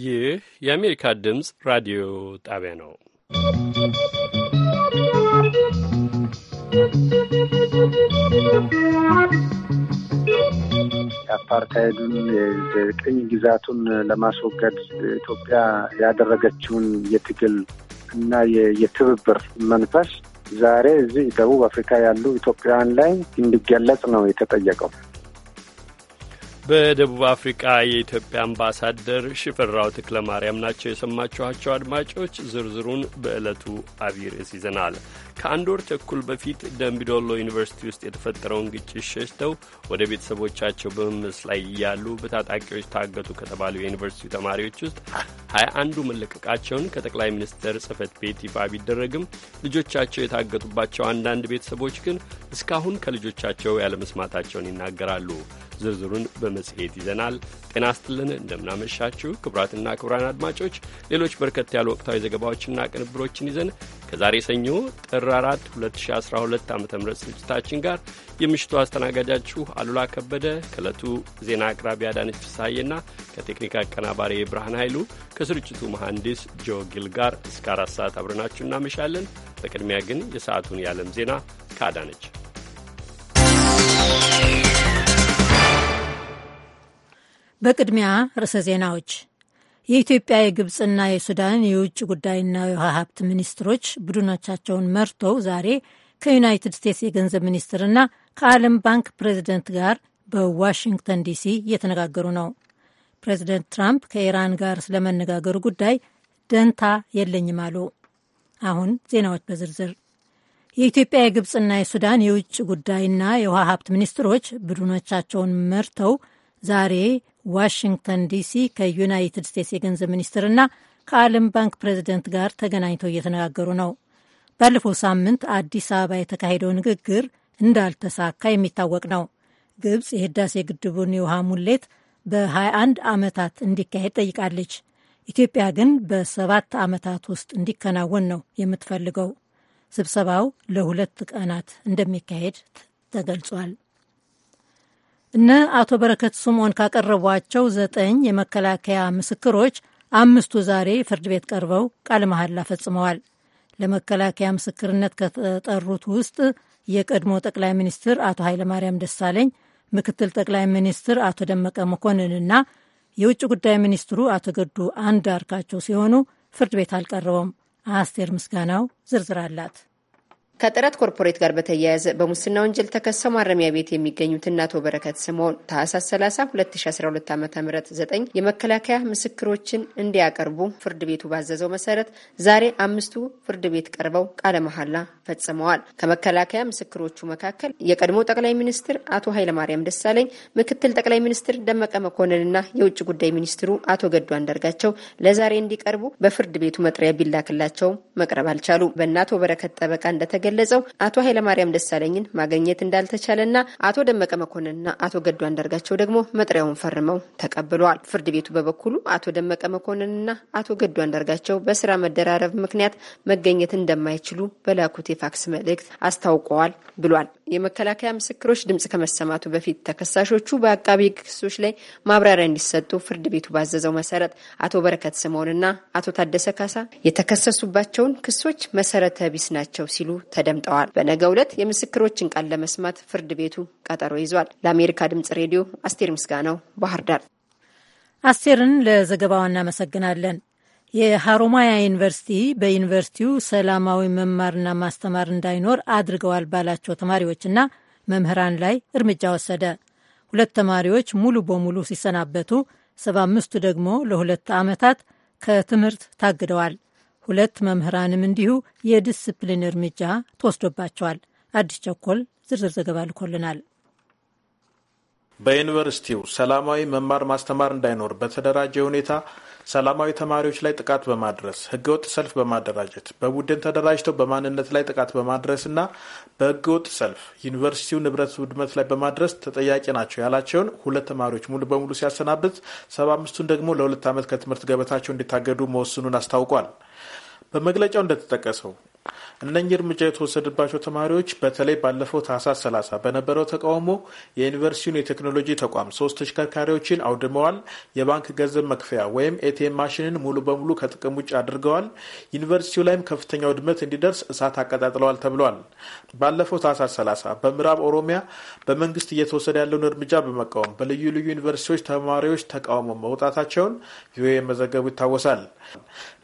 ይህ የአሜሪካ ድምፅ ራዲዮ ጣቢያ ነው። የአፓርታይዱን የቅኝ ግዛቱን ለማስወገድ ኢትዮጵያ ያደረገችውን የትግል እና የትብብር መንፈስ ዛሬ እዚህ ደቡብ አፍሪካ ያሉ ኢትዮጵያውያን ላይ እንዲገለጽ ነው የተጠየቀው። በደቡብ አፍሪቃ የኢትዮጵያ አምባሳደር ሽፈራው ተክለ ማርያም ናቸው የሰማችኋቸው። አድማጮች ዝርዝሩን በዕለቱ አቢይ ርዕስ ይዘናል። ከአንድ ወር ተኩል በፊት ደምቢዶሎ ዩኒቨርሲቲ ውስጥ የተፈጠረውን ግጭት ሸሽተው ወደ ቤተሰቦቻቸው በመመለስ ላይ እያሉ በታጣቂዎች ታገቱ ከተባሉ የዩኒቨርሲቲ ተማሪዎች ውስጥ ሀያ አንዱ መለቀቃቸውን ከጠቅላይ ሚኒስትር ጽህፈት ቤት ይፋ ቢደረግም ልጆቻቸው የታገቱባቸው አንዳንድ ቤተሰቦች ግን እስካሁን ከልጆቻቸው ያለመስማታቸውን ይናገራሉ። ዝርዝሩን በመጽሔት ይዘናል። ጤና ስትልን እንደምናመሻችሁ ክቡራትና ክቡራን አድማጮች ሌሎች በርከት ያሉ ወቅታዊ ዘገባዎችና ቅንብሮችን ይዘን ከዛሬ ሰኞ ጥር 4 2012 ዓ ም ስርጭታችን ጋር የምሽቱ አስተናጋጃችሁ አሉላ ከበደ ከእለቱ ዜና አቅራቢ አዳነች ፍስሐዬና ከቴክኒክ አቀናባሪ ብርሃን ኃይሉ ከስርጭቱ መሐንዲስ ጆ ጊል ጋር እስከ አራት ሰዓት አብረናችሁ እናመሻለን። በቅድሚያ ግን የሰዓቱን የዓለም ዜና ከአዳነች በቅድሚያ ርዕሰ ዜናዎች። የኢትዮጵያ የግብፅና የሱዳን የውጭ ጉዳይና የውሃ ሀብት ሚኒስትሮች ቡድኖቻቸውን መርተው ዛሬ ከዩናይትድ ስቴትስ የገንዘብ ሚኒስትርና ከዓለም ባንክ ፕሬዚደንት ጋር በዋሽንግተን ዲሲ እየተነጋገሩ ነው። ፕሬዚደንት ትራምፕ ከኢራን ጋር ስለመነጋገሩ ጉዳይ ደንታ የለኝም አሉ። አሁን ዜናዎች በዝርዝር የኢትዮጵያ የግብፅና የሱዳን የውጭ ጉዳይና የውሃ ሀብት ሚኒስትሮች ቡድኖቻቸውን መርተው ዛሬ ዋሽንግተን ዲሲ ከዩናይትድ ስቴትስ የገንዘብ ሚኒስትርና ከዓለም ባንክ ፕሬዚደንት ጋር ተገናኝተው እየተነጋገሩ ነው። ባለፈው ሳምንት አዲስ አበባ የተካሄደው ንግግር እንዳልተሳካ የሚታወቅ ነው። ግብፅ የህዳሴ ግድቡን የውሃ ሙሌት በ21 ዓመታት እንዲካሄድ ጠይቃለች። ኢትዮጵያ ግን በሰባት ዓመታት ውስጥ እንዲከናወን ነው የምትፈልገው። ስብሰባው ለሁለት ቀናት እንደሚካሄድ ተገልጿል። እነ አቶ በረከት ስምዖን ካቀረቧቸው ዘጠኝ የመከላከያ ምስክሮች አምስቱ ዛሬ ፍርድ ቤት ቀርበው ቃለ መሐላ ፈጽመዋል። ለመከላከያ ምስክርነት ከተጠሩት ውስጥ የቀድሞ ጠቅላይ ሚኒስትር አቶ ኃይለማርያም ደሳለኝ፣ ምክትል ጠቅላይ ሚኒስትር አቶ ደመቀ መኮንንና የውጭ ጉዳይ ሚኒስትሩ አቶ ገዱ አንዳርጋቸው ሲሆኑ ፍርድ ቤት አልቀረቡም። አስቴር ምስጋናው ዝርዝር አላት። ከጥረት ኮርፖሬት ጋር በተያያዘ በሙስና ወንጀል ተከሰው ማረሚያ ቤት የሚገኙት እናቶ አቶ በረከት ስምኦን ታህሳስ 30 2012 ዓ ም ዘጠኝ የመከላከያ ምስክሮችን እንዲያቀርቡ ፍርድ ቤቱ ባዘዘው መሰረት ዛሬ አምስቱ ፍርድ ቤት ቀርበው ቃለ መሐላ ፈጽመዋል። ከመከላከያ ምስክሮቹ መካከል የቀድሞ ጠቅላይ ሚኒስትር አቶ ኃይለማርያም ደሳለኝ፣ ምክትል ጠቅላይ ሚኒስትር ደመቀ መኮንንና የውጭ ጉዳይ ሚኒስትሩ አቶ ገዱ አንዳርጋቸው ለዛሬ እንዲቀርቡ በፍርድ ቤቱ መጥሪያ ቢላክላቸውም መቅረብ አልቻሉ። በእነ አቶ በረከት ጠበቃ እንደተገ የገለጸው አቶ ኃይለማርያም ደሳለኝን ማግኘት እንዳልተቻለና አቶ ደመቀ መኮንንና አቶ ገዱ አንዳርጋቸው ደግሞ መጥሪያውን ፈርመው ተቀብለዋል። ፍርድ ቤቱ በበኩሉ አቶ ደመቀ መኮንንና አቶ ገዱ አንዳርጋቸው በስራ መደራረብ ምክንያት መገኘት እንደማይችሉ በላኩት የፋክስ መልእክት አስታውቀዋል ብሏል። የመከላከያ ምስክሮች ድምጽ ከመሰማቱ በፊት ተከሳሾቹ በአቃቢ ክሶች ላይ ማብራሪያ እንዲሰጡ ፍርድ ቤቱ ባዘዘው መሰረት አቶ በረከት ስምኦንና አቶ ታደሰ ካሳ የተከሰሱባቸውን ክሶች መሰረተ ቢስ ናቸው ሲሉ ተደምጠዋል። በነገ ዕለት የምስክሮችን ቃል ለመስማት ፍርድ ቤቱ ቀጠሮ ይዟል። ለአሜሪካ ድምጽ ሬዲዮ አስቴር ምስጋናው ባህር ዳር። አስቴርን ለዘገባው እናመሰግናለን። የሃሮማያ ዩኒቨርሲቲ በዩኒቨርሲቲው ሰላማዊ መማርና ማስተማር እንዳይኖር አድርገዋል ባላቸው ተማሪዎችና መምህራን ላይ እርምጃ ወሰደ። ሁለት ተማሪዎች ሙሉ በሙሉ ሲሰናበቱ ሰባ አምስቱ ደግሞ ለሁለት ዓመታት ከትምህርት ታግደዋል። ሁለት መምህራንም እንዲሁ የዲስፕሊን እርምጃ ተወስዶባቸዋል። አዲስ ቸኮል ዝርዝር ዘገባ ልኮልናል። በዩኒቨርሲቲው ሰላማዊ መማር ማስተማር እንዳይኖር በተደራጀ ሁኔታ ሰላማዊ ተማሪዎች ላይ ጥቃት በማድረስ ህገወጥ ሰልፍ በማደራጀት በቡድን ተደራጅተው በማንነት ላይ ጥቃት በማድረስና በህገወጥ ሰልፍ ዩኒቨርሲቲው ንብረት ውድመት ላይ በማድረስ ተጠያቂ ናቸው ያላቸውን ሁለት ተማሪዎች ሙሉ በሙሉ ሲያሰናብት ሰባ አምስቱን ደግሞ ለሁለት ዓመት ከትምህርት ገበታቸው እንዲታገዱ መወስኑን አስታውቋል። በመግለጫው እንደተጠቀሰው እነኚህ እርምጃ የተወሰደባቸው ተማሪዎች በተለይ ባለፈው ታህሳስ 30 በነበረው ተቃውሞ የዩኒቨርሲቲውን የቴክኖሎጂ ተቋም ሶስት ተሽከርካሪዎችን አውድመዋል፣ የባንክ ገንዘብ መክፈያ ወይም ኤቲኤም ማሽንን ሙሉ በሙሉ ከጥቅም ውጭ አድርገዋል፣ ዩኒቨርሲቲው ላይም ከፍተኛ ውድመት እንዲደርስ እሳት አቀጣጥለዋል ተብሏል። ባለፈው ታህሳስ 30 በምዕራብ ኦሮሚያ በመንግስት እየተወሰደ ያለውን እርምጃ በመቃወም በልዩ ልዩ ዩኒቨርሲቲዎች ተማሪዎች ተቃውሞ መውጣታቸውን ቪኦኤ መዘገቡ ይታወሳል።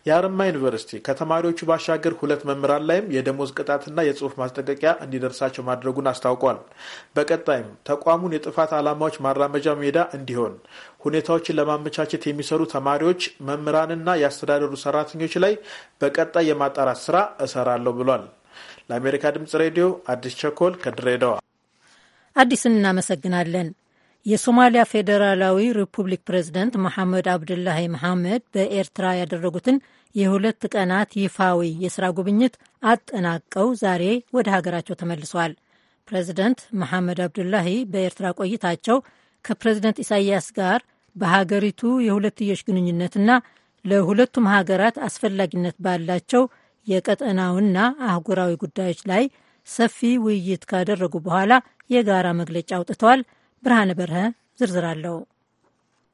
የአረማ ዩኒቨርሲቲ ከተማሪዎቹ ባሻገር ሁለት መምህራን ላይም የደሞዝ ቅጣትና የጽሁፍ ማስጠንቀቂያ እንዲደርሳቸው ማድረጉን አስታውቋል። በቀጣይም ተቋሙን የጥፋት ዓላማዎች ማራመጃ ሜዳ እንዲሆን ሁኔታዎችን ለማመቻቸት የሚሰሩ ተማሪዎች፣ መምህራንና የአስተዳደሩ ሰራተኞች ላይ በቀጣይ የማጣራት ስራ እሰራለሁ ብሏል። ለአሜሪካ ድምጽ ሬዲዮ አዲስ ቸኮል ከድሬዳዋ። አዲስን እናመሰግናለን። የሶማሊያ ፌዴራላዊ ሪፑብሊክ ፕሬዝደንት መሐመድ አብዱላሂ መሐመድ በኤርትራ ያደረጉትን የሁለት ቀናት ይፋዊ የሥራ ጉብኝት አጠናቀው ዛሬ ወደ ሀገራቸው ተመልሰዋል። ፕሬዝደንት መሐመድ አብዱላሂ በኤርትራ ቆይታቸው ከፕሬዝደንት ኢሳያስ ጋር በሀገሪቱ የሁለትዮሽ ግንኙነትና ለሁለቱም ሀገራት አስፈላጊነት ባላቸው የቀጠናውና አህጉራዊ ጉዳዮች ላይ ሰፊ ውይይት ካደረጉ በኋላ የጋራ መግለጫ አውጥተዋል። ብርሃነ በርሀ ዝርዝር አለው።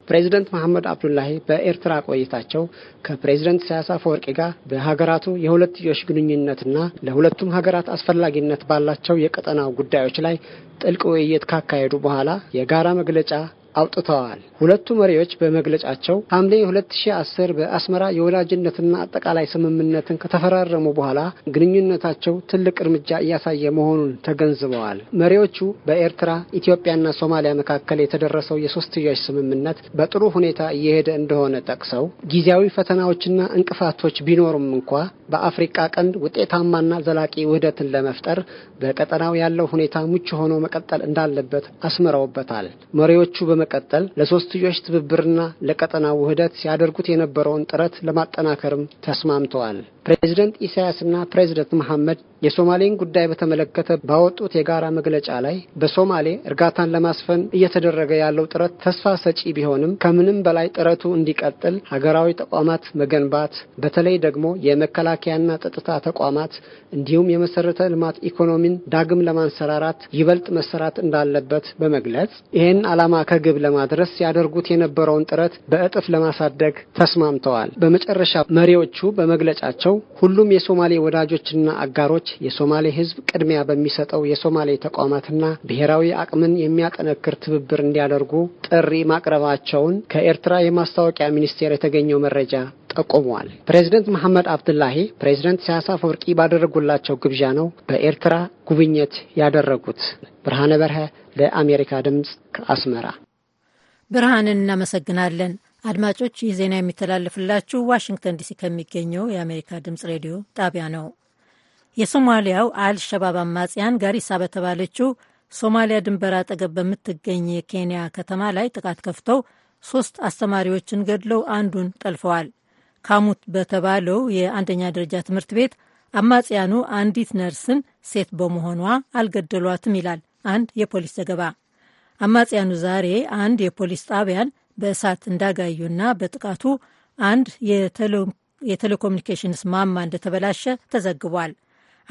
ፕሬዚደንት መሐመድ አብዱላሂ በኤርትራ ቆይታቸው ከፕሬዚደንት ኢሳያስ አፈወርቂ ጋር በሀገራቱ የሁለትዮሽ ግንኙነትና ለሁለቱም ሀገራት አስፈላጊነት ባላቸው የቀጠናው ጉዳዮች ላይ ጥልቅ ውይይት ካካሄዱ በኋላ የጋራ መግለጫ አውጥተዋል። ሁለቱ መሪዎች በመግለጫቸው ሐምሌ 2010 በአስመራ የወዳጅነትና አጠቃላይ ስምምነትን ከተፈራረሙ በኋላ ግንኙነታቸው ትልቅ እርምጃ እያሳየ መሆኑን ተገንዝበዋል። መሪዎቹ በኤርትራ ኢትዮጵያና ሶማሊያ መካከል የተደረሰው የሶስትዮሽ ስምምነት በጥሩ ሁኔታ እየሄደ እንደሆነ ጠቅሰው ጊዜያዊ ፈተናዎችና እንቅፋቶች ቢኖሩም እንኳ በአፍሪቃ ቀንድ ውጤታማና ዘላቂ ውህደትን ለመፍጠር በቀጠናው ያለው ሁኔታ ምቹ ሆኖ መቀጠል እንዳለበት አስምረውበታል። መሪዎቹ በመ በመቀጠል ለሶስትዮሽ ትብብርና ለቀጠናው ውህደት ሲያደርጉት የነበረውን ጥረት ለማጠናከርም ተስማምተዋል። ፕሬዚደንት ኢሳያስና ፕሬዚደንት መሐመድ የሶማሌን ጉዳይ በተመለከተ ባወጡት የጋራ መግለጫ ላይ በሶማሌ እርጋታን ለማስፈን እየተደረገ ያለው ጥረት ተስፋ ሰጪ ቢሆንም ከምንም በላይ ጥረቱ እንዲቀጥል ሀገራዊ ተቋማት መገንባት በተለይ ደግሞ የመከላከያና ጸጥታ ተቋማት እንዲሁም የመሰረተ ልማት ኢኮኖሚን ዳግም ለማንሰራራት ይበልጥ መሰራት እንዳለበት በመግለጽ ይህን ዓላማ ከግብ ለማድረስ ያደርጉት የነበረውን ጥረት በእጥፍ ለማሳደግ ተስማምተዋል። በመጨረሻ መሪዎቹ በመግለጫቸው ነው። ሁሉም የሶማሌ ወዳጆችና አጋሮች የሶማሌ ሕዝብ ቅድሚያ በሚሰጠው የሶማሌ ተቋማትና ብሔራዊ አቅምን የሚያጠነክር ትብብር እንዲያደርጉ ጥሪ ማቅረባቸውን ከኤርትራ የማስታወቂያ ሚኒስቴር የተገኘው መረጃ ጠቁመዋል። ፕሬዚደንት መሐመድ አብዱላሂ ፕሬዚደንት ኢሳያስ አፈወርቂ ባደረጉላቸው ግብዣ ነው በኤርትራ ጉብኝት ያደረጉት። ብርሃነ በርሀ ለአሜሪካ ድምፅ ከአስመራ። ብርሃንን እናመሰግናለን። አድማጮች ይህ ዜና የሚተላለፍላችሁ ዋሽንግተን ዲሲ ከሚገኘው የአሜሪካ ድምጽ ሬዲዮ ጣቢያ ነው። የሶማሊያው አልሸባብ አማጽያን ጋሪሳ በተባለችው ሶማሊያ ድንበር አጠገብ በምትገኝ የኬንያ ከተማ ላይ ጥቃት ከፍተው ሶስት አስተማሪዎችን ገድለው አንዱን ጠልፈዋል። ካሙት በተባለው የአንደኛ ደረጃ ትምህርት ቤት አማጽያኑ አንዲት ነርስን ሴት በመሆኗ አልገደሏትም ይላል አንድ የፖሊስ ዘገባ። አማጽያኑ ዛሬ አንድ የፖሊስ ጣቢያን በእሳት እንዳጋዩና በጥቃቱ አንድ የቴሌኮሙኒኬሽንስ ማማ እንደተበላሸ ተዘግቧል።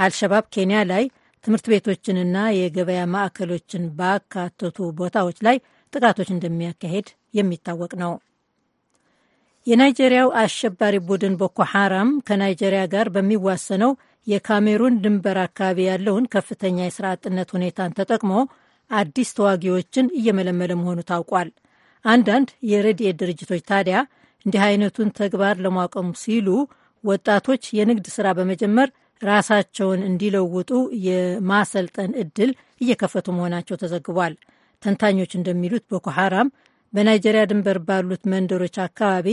አልሸባብ ኬንያ ላይ ትምህርት ቤቶችንና የገበያ ማዕከሎችን ባካተቱ ቦታዎች ላይ ጥቃቶች እንደሚያካሄድ የሚታወቅ ነው። የናይጄሪያው አሸባሪ ቡድን ቦኮ ሐራም ከናይጄሪያ ጋር በሚዋሰነው የካሜሩን ድንበር አካባቢ ያለውን ከፍተኛ የስራ አጥነት ሁኔታን ተጠቅሞ አዲስ ተዋጊዎችን እየመለመለ መሆኑ ታውቋል። አንዳንድ የረድኤት ድርጅቶች ታዲያ እንዲህ አይነቱን ተግባር ለማቆም ሲሉ ወጣቶች የንግድ ስራ በመጀመር ራሳቸውን እንዲለውጡ የማሰልጠን እድል እየከፈቱ መሆናቸው ተዘግቧል። ተንታኞች እንደሚሉት ቦኮ ሐራም በናይጀሪያ ድንበር ባሉት መንደሮች አካባቢ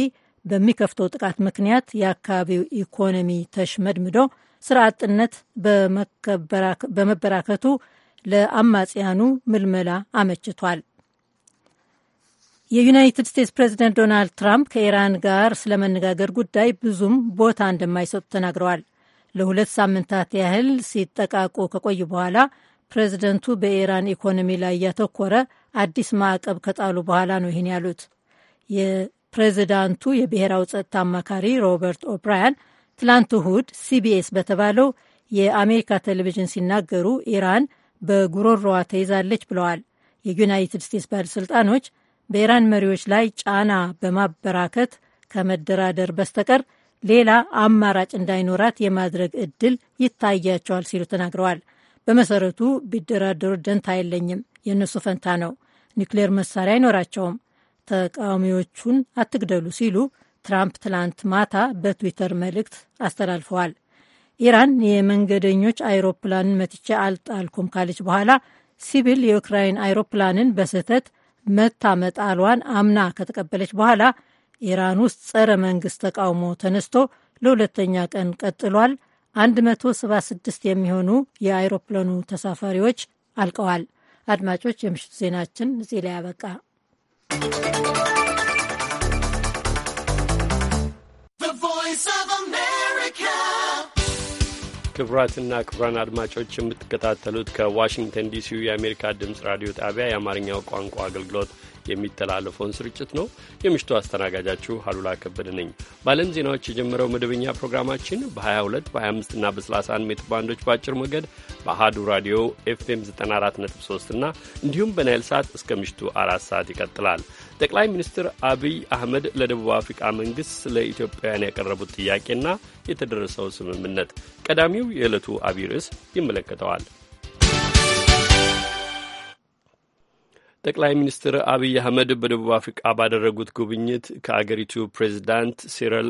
በሚከፍተው ጥቃት ምክንያት የአካባቢው ኢኮኖሚ ተሽመድምዶ ስራ አጥነት በመበራከቱ ለአማጽያኑ ምልመላ አመችቷል። የዩናይትድ ስቴትስ ፕሬዚደንት ዶናልድ ትራምፕ ከኢራን ጋር ስለመነጋገር ጉዳይ ብዙም ቦታ እንደማይሰጡ ተናግረዋል። ለሁለት ሳምንታት ያህል ሲጠቃቁ ከቆዩ በኋላ ፕሬዚደንቱ በኢራን ኢኮኖሚ ላይ ያተኮረ አዲስ ማዕቀብ ከጣሉ በኋላ ነው ይህን ያሉት። የፕሬዚዳንቱ የብሔራዊ ጸጥታ አማካሪ ሮበርት ኦብራያን ትላንት እሁድ ሲቢኤስ በተባለው የአሜሪካ ቴሌቪዥን ሲናገሩ ኢራን በጉሮሮዋ ተይዛለች ብለዋል። የዩናይትድ ስቴትስ ባለሥልጣኖች በኢራን መሪዎች ላይ ጫና በማበራከት ከመደራደር በስተቀር ሌላ አማራጭ እንዳይኖራት የማድረግ እድል ይታያቸዋል ሲሉ ተናግረዋል። በመሰረቱ ቢደራደሩ ደንታ የለኝም፣ የእነሱ ፈንታ ነው። ኒውክሌር መሳሪያ አይኖራቸውም። ተቃዋሚዎቹን አትግደሉ ሲሉ ትራምፕ ትላንት ማታ በትዊተር መልእክት አስተላልፈዋል። ኢራን የመንገደኞች አይሮፕላንን መትቼ አልጣልኩም ካለች በኋላ ሲቪል የዩክራይን አይሮፕላንን በስህተት መታ መጣሏን አምና ከተቀበለች በኋላ ኢራን ውስጥ ጸረ መንግስት ተቃውሞ ተነስቶ ለሁለተኛ ቀን ቀጥሏል። 176 የሚሆኑ የአይሮፕላኑ ተሳፋሪዎች አልቀዋል። አድማጮች፣ የምሽቱ ዜናችን እዚህ ላይ you. ክቡራትና ክቡራን አድማጮች የምትከታተሉት ከዋሽንግተን ዲሲው የአሜሪካ ድምፅ ራዲዮ ጣቢያ የአማርኛው ቋንቋ አገልግሎት የሚተላለፈውን ስርጭት ነው። የምሽቱ አስተናጋጃችሁ አሉላ ከበደ ነኝ። በዓለም ዜናዎች የጀመረው መደበኛ ፕሮግራማችን በ22 በ25 እና በ31 ሜትር ባንዶች በአጭር ሞገድ በአሃዱ ራዲዮ ኤፍኤም 94.3 እና እንዲሁም በናይል ሰዓት እስከ ምሽቱ አራት ሰዓት ይቀጥላል። ጠቅላይ ሚኒስትር አብይ አህመድ ለደቡብ አፍሪካ መንግሥት ስለ ኢትዮጵያውያን ያቀረቡት ጥያቄና የተደረሰው ስምምነት ቀዳሚው የዕለቱ አብይ ርዕስ ይመለከተዋል። ጠቅላይ ሚኒስትር አብይ አህመድ በደቡብ አፍሪቃ ባደረጉት ጉብኝት ከአገሪቱ ፕሬዚዳንት ሲረል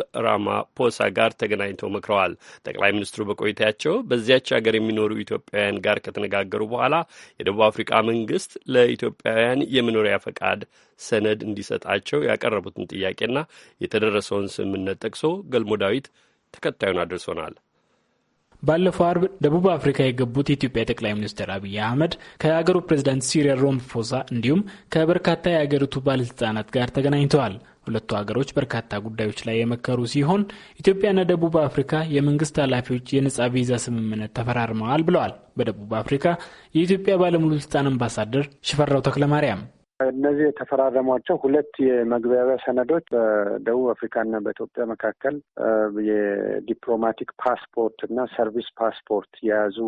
ፖሳ ጋር ተገናኝተው መክረዋል። ጠቅላይ ሚኒስትሩ በቆይታቸው በዚያች አገር የሚኖሩ ኢትዮጵያውያን ጋር ከተነጋገሩ በኋላ የደቡብ አፍሪቃ መንግስት ለኢትዮጵያውያን የመኖሪያ ፈቃድ ሰነድ እንዲሰጣቸው ያቀረቡትን ጥያቄና የተደረሰውን ስምምነት ጠቅሶ ገልሞ ዳዊት ተከታዩን አድርሶናል። ባለፈው አርብ ደቡብ አፍሪካ የገቡት የኢትዮጵያ ጠቅላይ ሚኒስትር አብይ አህመድ ከሀገሩ ፕሬዚዳንት ሲሪል ሮምፎሳ እንዲሁም ከበርካታ የሀገሪቱ ባለስልጣናት ጋር ተገናኝተዋል። ሁለቱ ሀገሮች በርካታ ጉዳዮች ላይ የመከሩ ሲሆን ኢትዮጵያና ደቡብ አፍሪካ የመንግስት ኃላፊዎች የነጻ ቪዛ ስምምነት ተፈራርመዋል ብለዋል። በደቡብ አፍሪካ የኢትዮጵያ ባለሙሉ ስልጣን አምባሳደር ሽፈራው ተክለማርያም እነዚህ የተፈራረሟቸው ሁለት የመግባቢያ ሰነዶች በደቡብ አፍሪካና በኢትዮጵያ መካከል የዲፕሎማቲክ ፓስፖርት እና ሰርቪስ ፓስፖርት የያዙ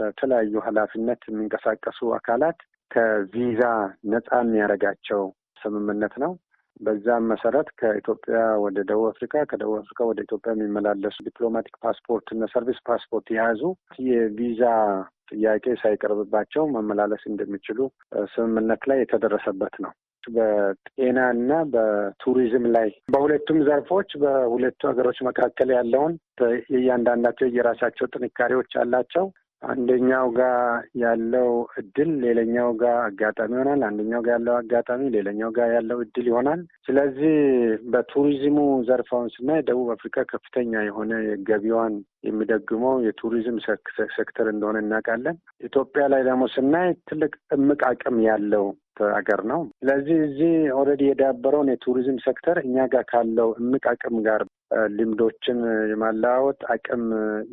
በተለያዩ ኃላፊነት የሚንቀሳቀሱ አካላት ከቪዛ ነፃ የሚያደርጋቸው ስምምነት ነው። በዛም መሰረት ከኢትዮጵያ ወደ ደቡብ አፍሪካ ከደቡብ አፍሪካ ወደ ኢትዮጵያ የሚመላለሱ ዲፕሎማቲክ ፓስፖርት እና ሰርቪስ ፓስፖርት የያዙ የቪዛ ጥያቄ ሳይቀርብባቸው መመላለስ እንደሚችሉ ስምምነት ላይ የተደረሰበት ነው። በጤና እና በቱሪዝም ላይ በሁለቱም ዘርፎች በሁለቱ ሀገሮች መካከል ያለውን የእያንዳንዳቸው የራሳቸው ጥንካሬዎች አላቸው። አንደኛው ጋር ያለው እድል ሌላኛው ጋር አጋጣሚ ይሆናል። አንደኛው ጋር ያለው አጋጣሚ ሌላኛው ጋር ያለው እድል ይሆናል። ስለዚህ በቱሪዝሙ ዘርፋውን ስናይ ደቡብ አፍሪካ ከፍተኛ የሆነ ገቢዋን የሚደግመው የቱሪዝም ሴክተር እንደሆነ እናውቃለን። ኢትዮጵያ ላይ ደግሞ ስናይ ትልቅ እምቅ አቅም ያለው አገር ነው። ስለዚህ እዚህ ኦልሬዲ የዳበረውን የቱሪዝም ሴክተር እኛ ጋር ካለው እምቅ አቅም ጋር ልምዶችን የማለዋወጥ አቅም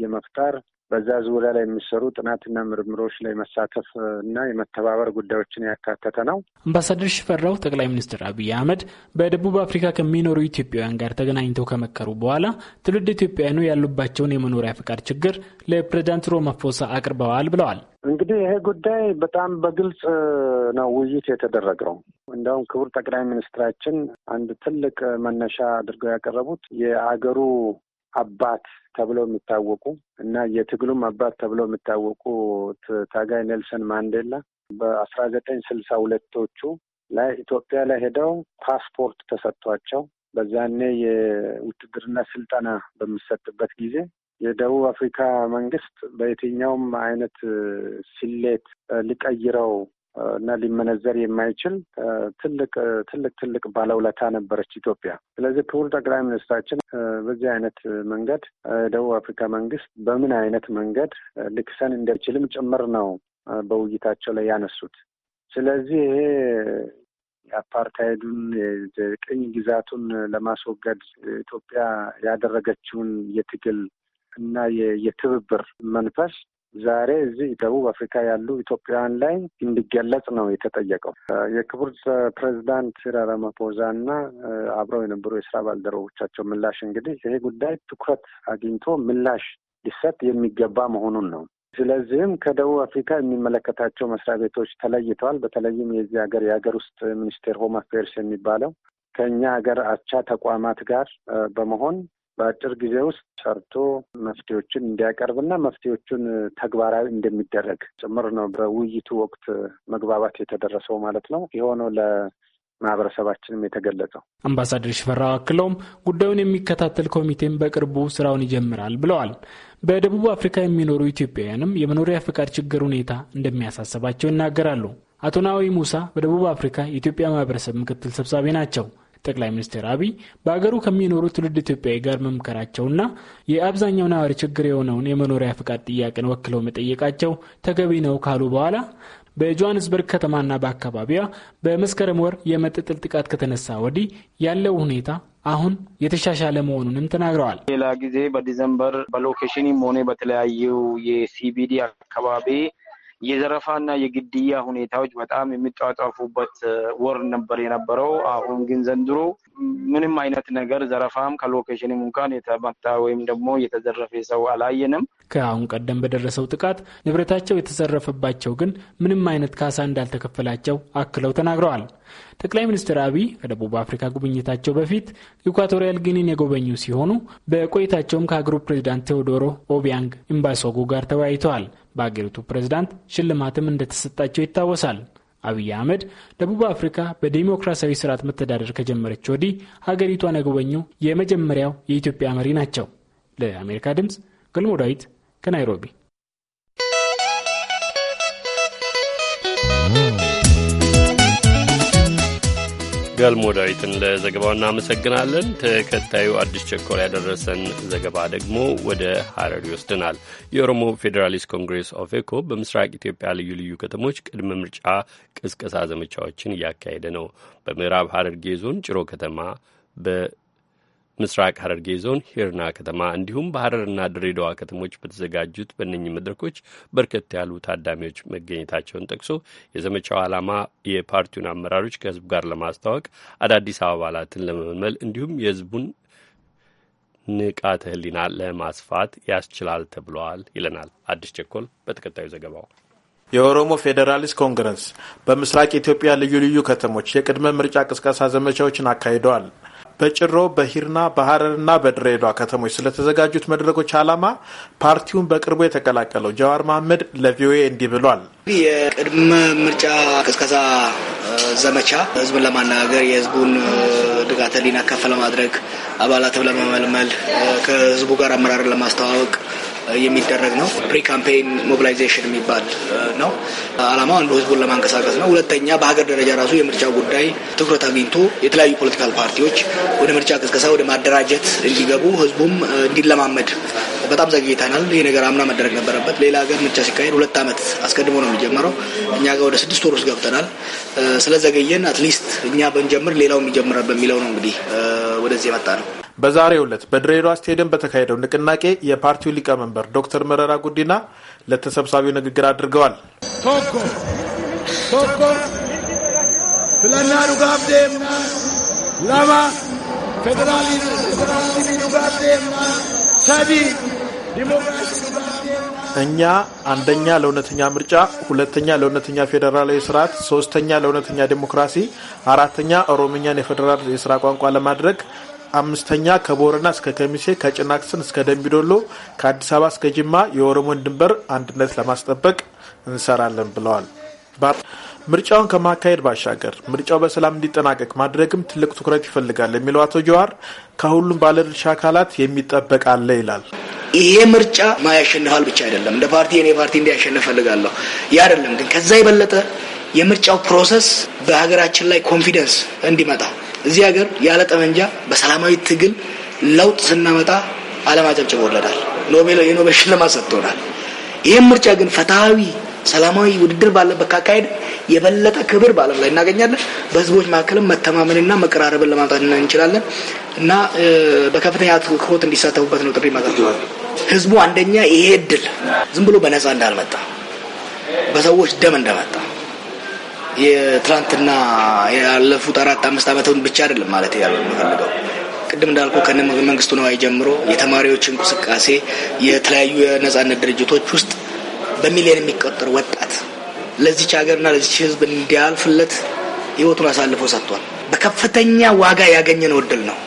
የመፍጠር በዛ ዙሪያ ላይ የሚሰሩ ጥናትና ምርምሮች ላይ መሳተፍ እና የመተባበር ጉዳዮችን ያካተተ ነው። አምባሳደር ሽፈራው ጠቅላይ ሚኒስትር አብይ አህመድ በደቡብ አፍሪካ ከሚኖሩ ኢትዮጵያውያን ጋር ተገናኝተው ከመከሩ በኋላ ትውልድ ኢትዮጵያውያኑ ያሉባቸውን የመኖሪያ ፍቃድ ችግር ለፕሬዚዳንት ሮማፎሳ አቅርበዋል ብለዋል። እንግዲህ ይሄ ጉዳይ በጣም በግልጽ ነው ውይይት የተደረገው። እንደውም ክቡር ጠቅላይ ሚኒስትራችን አንድ ትልቅ መነሻ አድርገው ያቀረቡት የአገሩ አባት ተብለው የሚታወቁ እና የትግሉም አባት ተብለው የሚታወቁ ታጋይ ኔልሰን ማንዴላ በአስራ ዘጠኝ ስልሳ ሁለቶቹ ላይ ኢትዮጵያ ላይ ሄደው ፓስፖርት ተሰጥቷቸው በዛኔ የውትድርና ስልጠና በሚሰጥበት ጊዜ የደቡብ አፍሪካ መንግስት በየትኛውም አይነት ስሌት ሊቀይረው እና ሊመነዘር የማይችል ትልቅ ትልቅ ትልቅ ባለውለታ ነበረች ኢትዮጵያ። ስለዚህ ክቡር ጠቅላይ ሚኒስትራችን በዚህ አይነት መንገድ የደቡብ አፍሪካ መንግስት በምን አይነት መንገድ ልክሰን እንደችልም ጭምር ነው በውይይታቸው ላይ ያነሱት። ስለዚህ ይሄ የአፓርታይዱን የቅኝ ግዛቱን ለማስወገድ ኢትዮጵያ ያደረገችውን የትግል እና የትብብር መንፈስ ዛሬ እዚህ ደቡብ አፍሪካ ያሉ ኢትዮጵያውያን ላይ እንዲገለጽ ነው የተጠየቀው። የክቡር ፕሬዚዳንት ሲራል ራማፖዛ እና አብረው የነበሩ የስራ ባልደረቦቻቸው ምላሽ እንግዲህ ይሄ ጉዳይ ትኩረት አግኝቶ ምላሽ ሊሰጥ የሚገባ መሆኑን ነው። ስለዚህም ከደቡብ አፍሪካ የሚመለከታቸው መስሪያ ቤቶች ተለይተዋል። በተለይም የዚህ ሀገር የሀገር ውስጥ ሚኒስቴር ሆም አፌርስ የሚባለው ከእኛ ሀገር አቻ ተቋማት ጋር በመሆን በአጭር ጊዜ ውስጥ ሰርቶ መፍትሄዎችን እንዲያቀርብና መፍትሄዎቹን ተግባራዊ እንደሚደረግ ጭምር ነው በውይይቱ ወቅት መግባባት የተደረሰው ማለት ነው የሆነው ለ ማህበረሰባችንም የተገለጸው አምባሳደር ሽፈራው አክለውም ጉዳዩን የሚከታተል ኮሚቴም በቅርቡ ስራውን ይጀምራል ብለዋል። በደቡብ አፍሪካ የሚኖሩ ኢትዮጵያውያንም የመኖሪያ ፍቃድ ችግር ሁኔታ እንደሚያሳስባቸው ይናገራሉ። አቶ ናዊ ሙሳ በደቡብ አፍሪካ የኢትዮጵያ ማህበረሰብ ምክትል ሰብሳቢ ናቸው። ጠቅላይ ሚኒስትር አብይ በአገሩ ከሚኖሩ ትውልድ ኢትዮጵያዊ ጋር መምከራቸውና የአብዛኛው ነዋሪ ችግር የሆነውን የመኖሪያ ፍቃድ ጥያቄን ወክለው መጠየቃቸው ተገቢ ነው ካሉ በኋላ በጆሃንስበርግ ከተማና በአካባቢዋ በመስከረም ወር የመጠጥል ጥቃት ከተነሳ ወዲህ ያለው ሁኔታ አሁን የተሻሻለ መሆኑንም ተናግረዋል። ሌላ ጊዜ በዲዘምበር በሎኬሽንም ሆነ በተለያዩ የሲቢዲ አካባቢ የዘረፋና የግድያ ሁኔታዎች በጣም የሚጧጧፉበት ወር ነበር የነበረው። አሁን ግን ዘንድሮ ምንም አይነት ነገር ዘረፋም ከሎኬሽንም እንኳን የተመታ ወይም ደግሞ የተዘረፈ ሰው አላየንም። ከአሁን ቀደም በደረሰው ጥቃት ንብረታቸው የተዘረፈባቸው ግን ምንም አይነት ካሳ እንዳልተከፈላቸው አክለው ተናግረዋል። ጠቅላይ ሚኒስትር አብይ ከደቡብ አፍሪካ ጉብኝታቸው በፊት ኢኳቶሪያል ጊኒን የጎበኙ ሲሆኑ በቆይታቸውም ከሀገሩ ፕሬዚዳንት ቴዎዶሮ ኦቢያንግ ኢምባሶጉ ጋር ተወያይተዋል። በአገሪቱ ፕሬዚዳንት ሽልማትም እንደተሰጣቸው ይታወሳል። አብይ አህመድ ደቡብ አፍሪካ በዲሞክራሲያዊ ስርዓት መተዳደር ከጀመረች ወዲህ ሀገሪቷን የጎበኙ የመጀመሪያው የኢትዮጵያ መሪ ናቸው። ለአሜሪካ ድምፅ ገልሞ ዳዊት ከናይሮቢ ገልሞ ዳዊትን ለዘገባው እናመሰግናለን። ተከታዩ አዲስ ቸኮል ያደረሰን ዘገባ ደግሞ ወደ ሀረር ይወስደናል። የኦሮሞ ፌዴራሊስት ኮንግሬስ ኦፌኮ በምስራቅ ኢትዮጵያ ልዩ ልዩ ከተሞች ቅድመ ምርጫ ቅስቀሳ ዘመቻዎችን እያካሄደ ነው። በምዕራብ ሀረርጌ ዞን ጭሮ ከተማ ምስራቅ ሐረርጌ ዞን ሂርና ከተማ እንዲሁም በሀረርና ድሬዳዋ ከተሞች በተዘጋጁት በእነኚህ መድረኮች በርከት ያሉ ታዳሚዎች መገኘታቸውን ጠቅሶ የዘመቻው ዓላማ የፓርቲውን አመራሮች ከህዝቡ ጋር ለማስተዋወቅ አዳዲስ አባላትን ለመመልመል እንዲሁም የህዝቡን ንቃተ ህሊና ለማስፋት ያስችላል ተብለዋል ይለናል አዲስ ቸኮል በተከታዩ ዘገባው። የኦሮሞ ፌዴራሊስት ኮንግረስ በምስራቅ ኢትዮጵያ ልዩ ልዩ ከተሞች የቅድመ ምርጫ ቅስቀሳ ዘመቻዎችን አካሂደዋል። በጭሮ በሂርና በሀረርና በድሬዳዋ ከተሞች ስለተዘጋጁት መድረኮች ዓላማ ፓርቲውን በቅርቡ የተቀላቀለው ጀዋር መሀመድ ለቪኦኤ እንዲህ ብሏል። የቅድመ ምርጫ ቅስቀሳ ዘመቻ ህዝብን ለማነጋገር የህዝቡን ንቃተ ህሊና ከፍ ለማድረግ አባላትን ለመመልመል ከህዝቡ ጋር አመራርን ለማስተዋወቅ የሚደረግ ነው። ፕሪ ካምፔን ሞቢላይዜሽን የሚባል uh, ነው። አላማው አንዱ ህዝቡን ለማንቀሳቀስ ነው። ሁለተኛ በሀገር ደረጃ ራሱ የምርጫ ጉዳይ ትኩረት አግኝቶ የተለያዩ ፖለቲካል ፓርቲዎች ወደ ምርጫ ቅስቀሳ፣ ወደ ማደራጀት እንዲገቡ ህዝቡም uh, እንዲለማመድ በጣም ዘግይተናል። ይህ ነገር አምና መደረግ ነበረበት። ሌላ ሀገር ምርጫ ሲካሄድ ሁለት ዓመት አስቀድሞ ነው የሚጀመረው። እኛ ጋር ወደ ስድስት ወር ውስጥ ገብተናል። uh, ስለዘገየን አትሊስት እኛ ብንጀምር ሌላው የሚጀምረ በሚለው ነው እንግዲህ ወደዚህ የመጣ ነው። በዛሬው ዕለት በድሬዳዋ ስቴዲየም በተካሄደው ንቅናቄ የፓርቲው ሊቀመንበር ዶክተር መረራ ጉዲና ለተሰብሳቢው ንግግር አድርገዋል። ቶኮ ቶኮ ፍለና ፌደራሊ ሰዲ ዲሞክራሲ እኛ አንደኛ ለእውነተኛ ምርጫ፣ ሁለተኛ ለእውነተኛ ፌዴራላዊ ስርዓት፣ ሶስተኛ ለእውነተኛ ዴሞክራሲ፣ አራተኛ ኦሮምኛን የፌዴራል የስራ ቋንቋ ለማድረግ አምስተኛ ከቦረና እስከ ከሚሴ ከጭናክስን እስከ ደምቢዶሎ ከአዲስ አበባ እስከ ጅማ የኦሮሞን ድንበር አንድነት ለማስጠበቅ እንሰራለን ብለዋል። ምርጫውን ከማካሄድ ባሻገር ምርጫው በሰላም እንዲጠናቀቅ ማድረግም ትልቅ ትኩረት ይፈልጋል የሚለው አቶ ጀዋር ከሁሉም ባለድርሻ አካላት የሚጠበቅ አለ ይላል። ይሄ ምርጫ ማያሸንፋል ብቻ አይደለም። እንደ ፓርቲ እኔ ፓርቲ እንዲያሸንፍ ፈልጋለሁ። ይህ አይደለም ግን ከዛ የበለጠ የምርጫው ፕሮሰስ በሀገራችን ላይ ኮንፊደንስ እንዲመጣ እዚህ ሀገር ያለ ጠመንጃ በሰላማዊ ትግል ለውጥ ስናመጣ ዓለም አጨብጭቦልናል። ኖቤል የኖቤል ሽልማት ሰጥቶናል። ይህም ምርጫ ግን ፍትሐዊ ሰላማዊ ውድድር ባለበት ካካሄድ የበለጠ ክብር በዓለም ላይ እናገኛለን። በህዝቦች መካከልም መተማመንና መቀራረብን ለማምጣት እንችላለን እና በከፍተኛ ትኩረት እንዲሳተፉበት ነው ጥሪ ማቀርባል። ህዝቡ አንደኛ ይሄ እድል ዝም ብሎ በነፃ እንዳልመጣ በሰዎች ደም እንደመጣ የትላንትና ያለፉት አራት አምስት ዓመትን ብቻ አይደለም ማለት ያለው የምፈልገው ቅድም እንዳልኩ ከነ መንግስቱ ነዋይ ጀምሮ የተማሪዎች እንቅስቃሴ የተለያዩ የነጻነት ድርጅቶች ውስጥ በሚሊዮን የሚቆጠር ወጣት ለዚች ሀገርና ለዚች ህዝብ እንዲያልፍለት ህይወቱን አሳልፎ ሰጥቷል። በከፍተኛ ዋጋ ያገኘነው እድል ነው።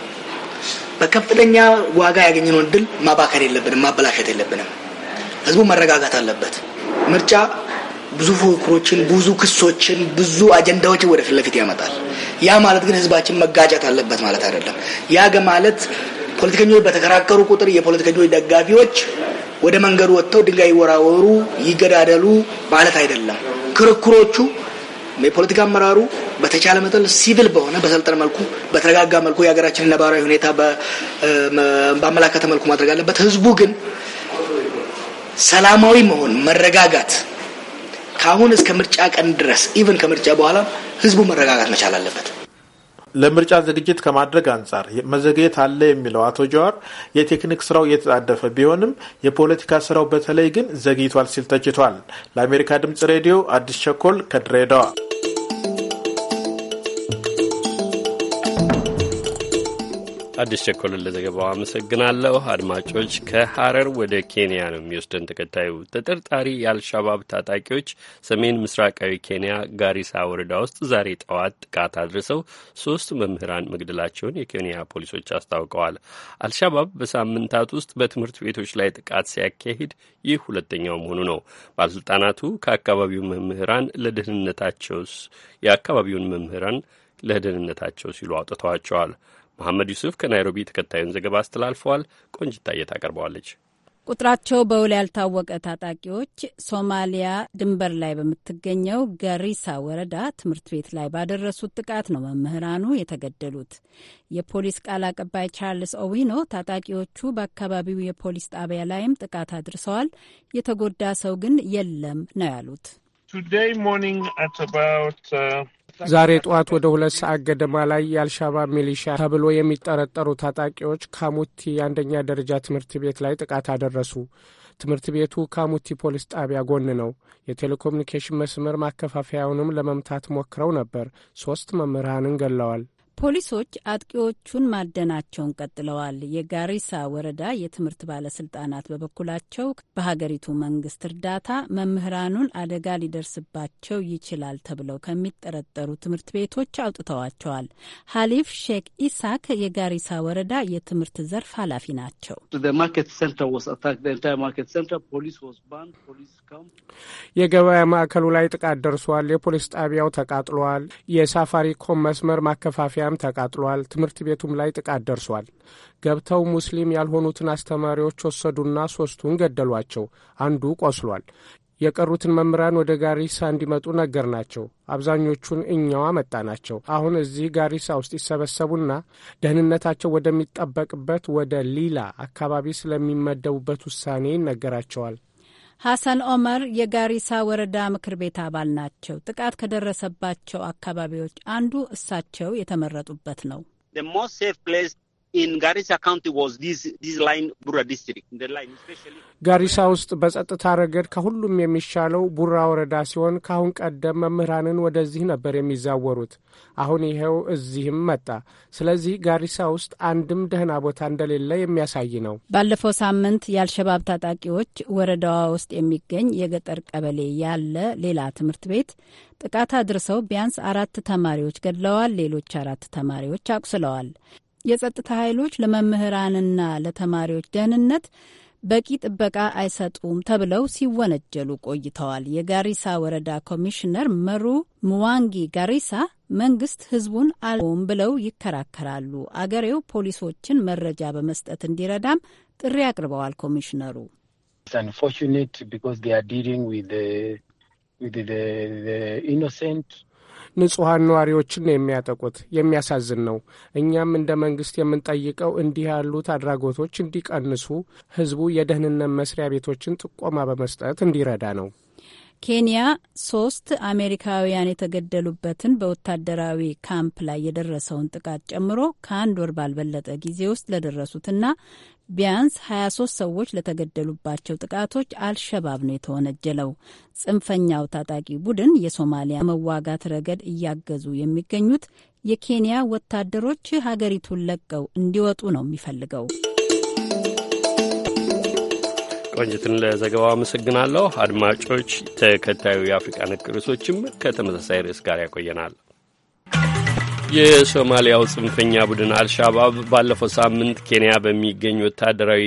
በከፍተኛ ዋጋ ያገኘነው እድል ማባከር የለብንም፣ ማበላሸት የለብንም። ህዝቡ መረጋጋት አለበት። ምርጫ ብዙ ፉክክሮችን፣ ብዙ ክሶችን፣ ብዙ አጀንዳዎችን ወደፊት ለፊት ያመጣል። ያ ማለት ግን ህዝባችን መጋጨት አለበት ማለት አይደለም። ያገ ማለት ፖለቲከኞች በተከራከሩ ቁጥር የፖለቲከኞች ደጋፊዎች ወደ መንገዱ ወጥተው ድንጋይ ይወራወሩ፣ ይገዳደሉ ማለት አይደለም። ክርክሮቹ የፖለቲካ አመራሩ በተቻለ መጠን ሲቪል በሆነ በሰልጠነ መልኩ በተረጋጋ መልኩ የሀገራችንን ነባራዊ ሁኔታ በአመላከተ መልኩ ማድረግ አለበት። ህዝቡ ግን ሰላማዊ መሆን መረጋጋት ከአሁን እስከ ምርጫ ቀን ድረስ ኢቨን ከምርጫ በኋላ ህዝቡ መረጋጋት መቻል አለበት። ለምርጫ ዝግጅት ከማድረግ አንጻር መዘግየት አለ የሚለው አቶ ጀዋር የቴክኒክ ስራው እየተጣደፈ ቢሆንም የፖለቲካ ስራው በተለይ ግን ዘግይቷል ሲል ተችቷል። ለአሜሪካ ድምጽ ሬዲዮ አዲስ ቸኮል ከድሬዳዋ አዲስ ቸኮልን ለዘገባው አመሰግናለሁ። አድማጮች፣ ከሐረር ወደ ኬንያ ነው የሚወስደን ተከታዩ ተጠርጣሪ የአልሻባብ ታጣቂዎች ሰሜን ምስራቃዊ ኬንያ ጋሪሳ ወረዳ ውስጥ ዛሬ ጠዋት ጥቃት አድርሰው ሶስት መምህራን መግደላቸውን የኬንያ ፖሊሶች አስታውቀዋል። አልሻባብ በሳምንታት ውስጥ በትምህርት ቤቶች ላይ ጥቃት ሲያካሂድ ይህ ሁለተኛው መሆኑ ነው። ባለስልጣናቱ ከአካባቢው መምህራን ለደህንነታቸው የአካባቢውን መምህራን ለደህንነታቸው ሲሉ አውጥተዋቸዋል። መሐመድ ዩሱፍ ከናይሮቢ ተከታዩን ዘገባ አስተላልፈዋል። ቆንጅታየ ታቀርበዋለች። ቁጥራቸው በውል ያልታወቀ ታጣቂዎች ሶማሊያ ድንበር ላይ በምትገኘው ገሪሳ ወረዳ ትምህርት ቤት ላይ ባደረሱት ጥቃት ነው መምህራኑ የተገደሉት። የፖሊስ ቃል አቀባይ ቻርልስ ኦዊኖ ታጣቂዎቹ በአካባቢው የፖሊስ ጣቢያ ላይም ጥቃት አድርሰዋል፣ የተጎዳ ሰው ግን የለም ነው ያሉት። ዛሬ ጠዋት ወደ ሁለት ሰዓት ገደማ ላይ የአልሻባብ ሚሊሻ ተብሎ የሚጠረጠሩ ታጣቂዎች ካሙቲ አንደኛ ደረጃ ትምህርት ቤት ላይ ጥቃት አደረሱ። ትምህርት ቤቱ ካሙቲ ፖሊስ ጣቢያ ጎን ነው። የቴሌኮሙኒኬሽን መስመር ማከፋፈያውንም ለመምታት ሞክረው ነበር። ሶስት መምህራንን ገለዋል። ፖሊሶች አጥቂዎቹን ማደናቸውን ቀጥለዋል። የጋሪሳ ወረዳ የትምህርት ባለስልጣናት በበኩላቸው በሀገሪቱ መንግስት እርዳታ መምህራኑን አደጋ ሊደርስባቸው ይችላል ተብለው ከሚጠረጠሩ ትምህርት ቤቶች አውጥተዋቸዋል። ሀሊፍ ሼክ ኢሳክ የጋሪሳ ወረዳ የትምህርት ዘርፍ ኃላፊ ናቸው። የገበያ ማዕከሉ ላይ ጥቃት ደርሷል። የፖሊስ ጣቢያው ተቃጥሏል። የሳፋሪኮም መስመር ማከፋፊያ መኖሪያም ተቃጥሏል። ትምህርት ቤቱም ላይ ጥቃት ደርሷል። ገብተው ሙስሊም ያልሆኑትን አስተማሪዎች ወሰዱና ሶስቱን ገደሏቸው። አንዱ ቆስሏል። የቀሩትን መምህራን ወደ ጋሪሳ እንዲመጡ ነገር ናቸው። አብዛኞቹን እኛው ናቸው። አሁን እዚህ ጋሪሳ ውስጥ ይሰበሰቡና ደህንነታቸው ወደሚጠበቅበት ወደ ሌላ አካባቢ ስለሚመደቡበት ውሳኔ ይነገራቸዋል። ሐሰን ኦመር የጋሪሳ ወረዳ ምክር ቤት አባል ናቸው። ጥቃት ከደረሰባቸው አካባቢዎች አንዱ እሳቸው የተመረጡበት ነው። ሞስት ሴፍ ፕሌስ ጋሪሳ ውስጥ በጸጥታ ረገድ ከሁሉም የሚሻለው ቡራ ወረዳ ሲሆን ከአሁን ቀደም መምህራንን ወደዚህ ነበር የሚዛወሩት። አሁን ይኸው እዚህም መጣ። ስለዚህ ጋሪሳ ውስጥ አንድም ደህና ቦታ እንደሌለ የሚያሳይ ነው። ባለፈው ሳምንት የአልሸባብ ታጣቂዎች ወረዳዋ ውስጥ የሚገኝ የገጠር ቀበሌ ያለ ሌላ ትምህርት ቤት ጥቃት አድርሰው ቢያንስ አራት ተማሪዎች ገድለዋል፣ ሌሎች አራት ተማሪዎች አቁስለዋል። የጸጥታ ኃይሎች ለመምህራንና ለተማሪዎች ደህንነት በቂ ጥበቃ አይሰጡም ተብለው ሲወነጀሉ ቆይተዋል። የጋሪሳ ወረዳ ኮሚሽነር መሩ ሙዋንጊ ጋሪሳ መንግስት ህዝቡን አልቦም ብለው ይከራከራሉ። አገሬው ፖሊሶችን መረጃ በመስጠት እንዲረዳም ጥሪ አቅርበዋል። ኮሚሽነሩ ኢኖሴንት ንጹሐን ነዋሪዎችን ነው የሚያጠቁት። የሚያሳዝን ነው። እኛም እንደ መንግስት የምንጠይቀው እንዲህ ያሉት አድራጎቶች እንዲቀንሱ ህዝቡ የደህንነት መስሪያ ቤቶችን ጥቆማ በመስጠት እንዲረዳ ነው። ኬንያ ሶስት አሜሪካውያን የተገደሉበትን በወታደራዊ ካምፕ ላይ የደረሰውን ጥቃት ጨምሮ ከአንድ ወር ባልበለጠ ጊዜ ውስጥ ለደረሱትና ቢያንስ 23 ሰዎች ለተገደሉባቸው ጥቃቶች አልሸባብ ነው የተወነጀለው። ጽንፈኛው ታጣቂ ቡድን የሶማሊያ መዋጋት ረገድ እያገዙ የሚገኙት የኬንያ ወታደሮች ሀገሪቱን ለቀው እንዲወጡ ነው የሚፈልገው። ቆንጅትን ለዘገባው አመሰግናለሁ። አድማጮች፣ ተከታዩ የአፍሪቃ ንቅርሶችም ርዕሶችም ከተመሳሳይ ርዕስ ጋር ያቆየናል። የሶማሊያው ጽንፈኛ ቡድን አልሻባብ ባለፈው ሳምንት ኬንያ በሚገኝ ወታደራዊ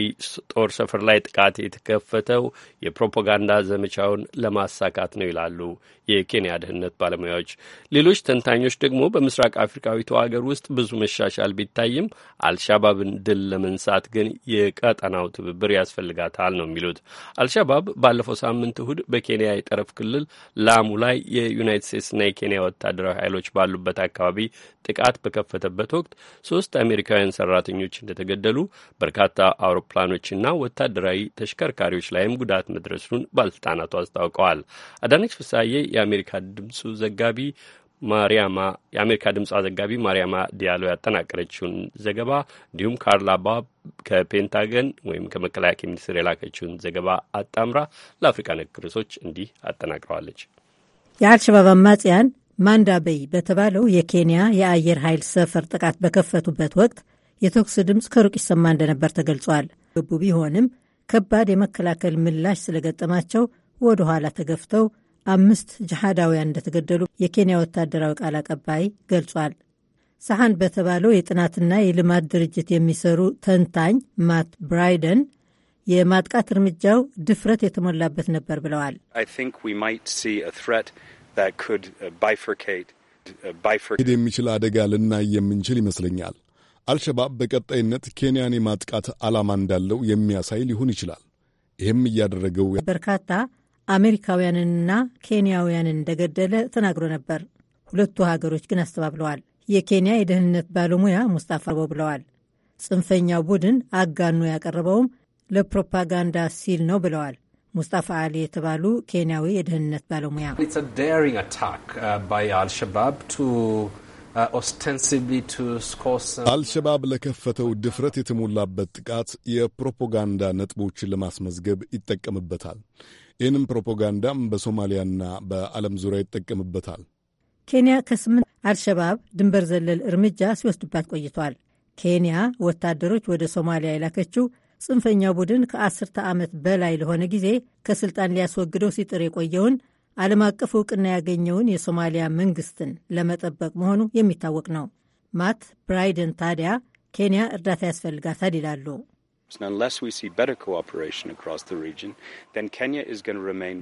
ጦር ሰፈር ላይ ጥቃት የተከፈተው የፕሮፓጋንዳ ዘመቻውን ለማሳካት ነው ይላሉ የኬንያ ደህንነት ባለሙያዎች። ሌሎች ተንታኞች ደግሞ በምስራቅ አፍሪካዊቱ ሀገር ውስጥ ብዙ መሻሻል ቢታይም አልሻባብን ድል ለመንሳት ግን የቀጠናው ትብብር ያስፈልጋታል ነው የሚሉት። አልሻባብ ባለፈው ሳምንት እሁድ በኬንያ የጠረፍ ክልል ላሙ ላይ የዩናይትድ ስቴትስና የኬንያ ወታደራዊ ኃይሎች ባሉበት አካባቢ ጥቃት በከፈተበት ወቅት ሶስት አሜሪካውያን ሰራተኞች እንደተገደሉ በርካታ አውሮፕላኖችና ወታደራዊ ተሽከርካሪዎች ላይም ጉዳት መድረሱን ባለስልጣናቱ አስታውቀዋል። አዳነች ፍሳዬ የአሜሪካ ድምፁ ዘጋቢ ማሪያማ የአሜሪካ ድምፅ ዘጋቢ ማርያማ ዲያሎ ያጠናቀረችውን ዘገባ እንዲሁም ካርላ ባብ ከፔንታገን ወይም ከመከላከያ ሚኒስቴር የላከችውን ዘገባ አጣምራ ለአፍሪካ ነክ ርዕሶች እንዲህ አጠናቅረዋለች። የአልሸባብ አማጽያን ማንዳበይ በተባለው የኬንያ የአየር ኃይል ሰፈር ጥቃት በከፈቱበት ወቅት የተኩስ ድምፅ ከሩቅ ይሰማ እንደነበር ተገልጿል። ገቡ ቢሆንም ከባድ የመከላከል ምላሽ ስለገጠማቸው ወደ ኋላ ተገፍተው አምስት ጅሃዳውያን እንደተገደሉ የኬንያ ወታደራዊ ቃል አቀባይ ገልጿል። ሰሐን በተባለው የጥናትና የልማት ድርጅት የሚሰሩ ተንታኝ ማት ብራይደን የማጥቃት እርምጃው ድፍረት የተሞላበት ነበር ብለዋል። Uh, uh, ሄድ የሚችል አደጋ ልናይ የምንችል ይመስለኛል። አልሸባብ በቀጣይነት ኬንያን የማጥቃት ዓላማ እንዳለው የሚያሳይ ሊሆን ይችላል። ይህም እያደረገው በርካታ አሜሪካውያንንና ኬንያውያንን እንደገደለ ተናግሮ ነበር። ሁለቱ ሀገሮች ግን አስተባብለዋል። የኬንያ የደህንነት ባለሙያ ሙስጣፋ ቦ ብለዋል። ጽንፈኛው ቡድን አጋኖ ያቀረበውም ለፕሮፓጋንዳ ሲል ነው ብለዋል። ሙስጣፋ አሊ የተባሉ ኬንያዊ የደህንነት ባለሙያ አልሸባብ uh, uh, ለከፈተው ድፍረት የተሞላበት ጥቃት የፕሮፓጋንዳ ነጥቦችን ለማስመዝገብ ይጠቀምበታል። ይህንም ፕሮፓጋንዳም በሶማሊያና በዓለም ዙሪያ ይጠቀምበታል። ኬንያ ከስምንት አልሸባብ ድንበር ዘለል እርምጃ ሲወስድባት ቆይቷል። ኬንያ ወታደሮች ወደ ሶማሊያ የላከችው ጽንፈኛ ቡድን ከአስርተ ዓመት በላይ ለሆነ ጊዜ ከስልጣን ሊያስወግደው ሲጥር የቆየውን ዓለም አቀፍ እውቅና ያገኘውን የሶማሊያ መንግስትን ለመጠበቅ መሆኑ የሚታወቅ ነው። ማት ብራይደን ታዲያ ኬንያ እርዳታ ያስፈልጋታል ይላሉ።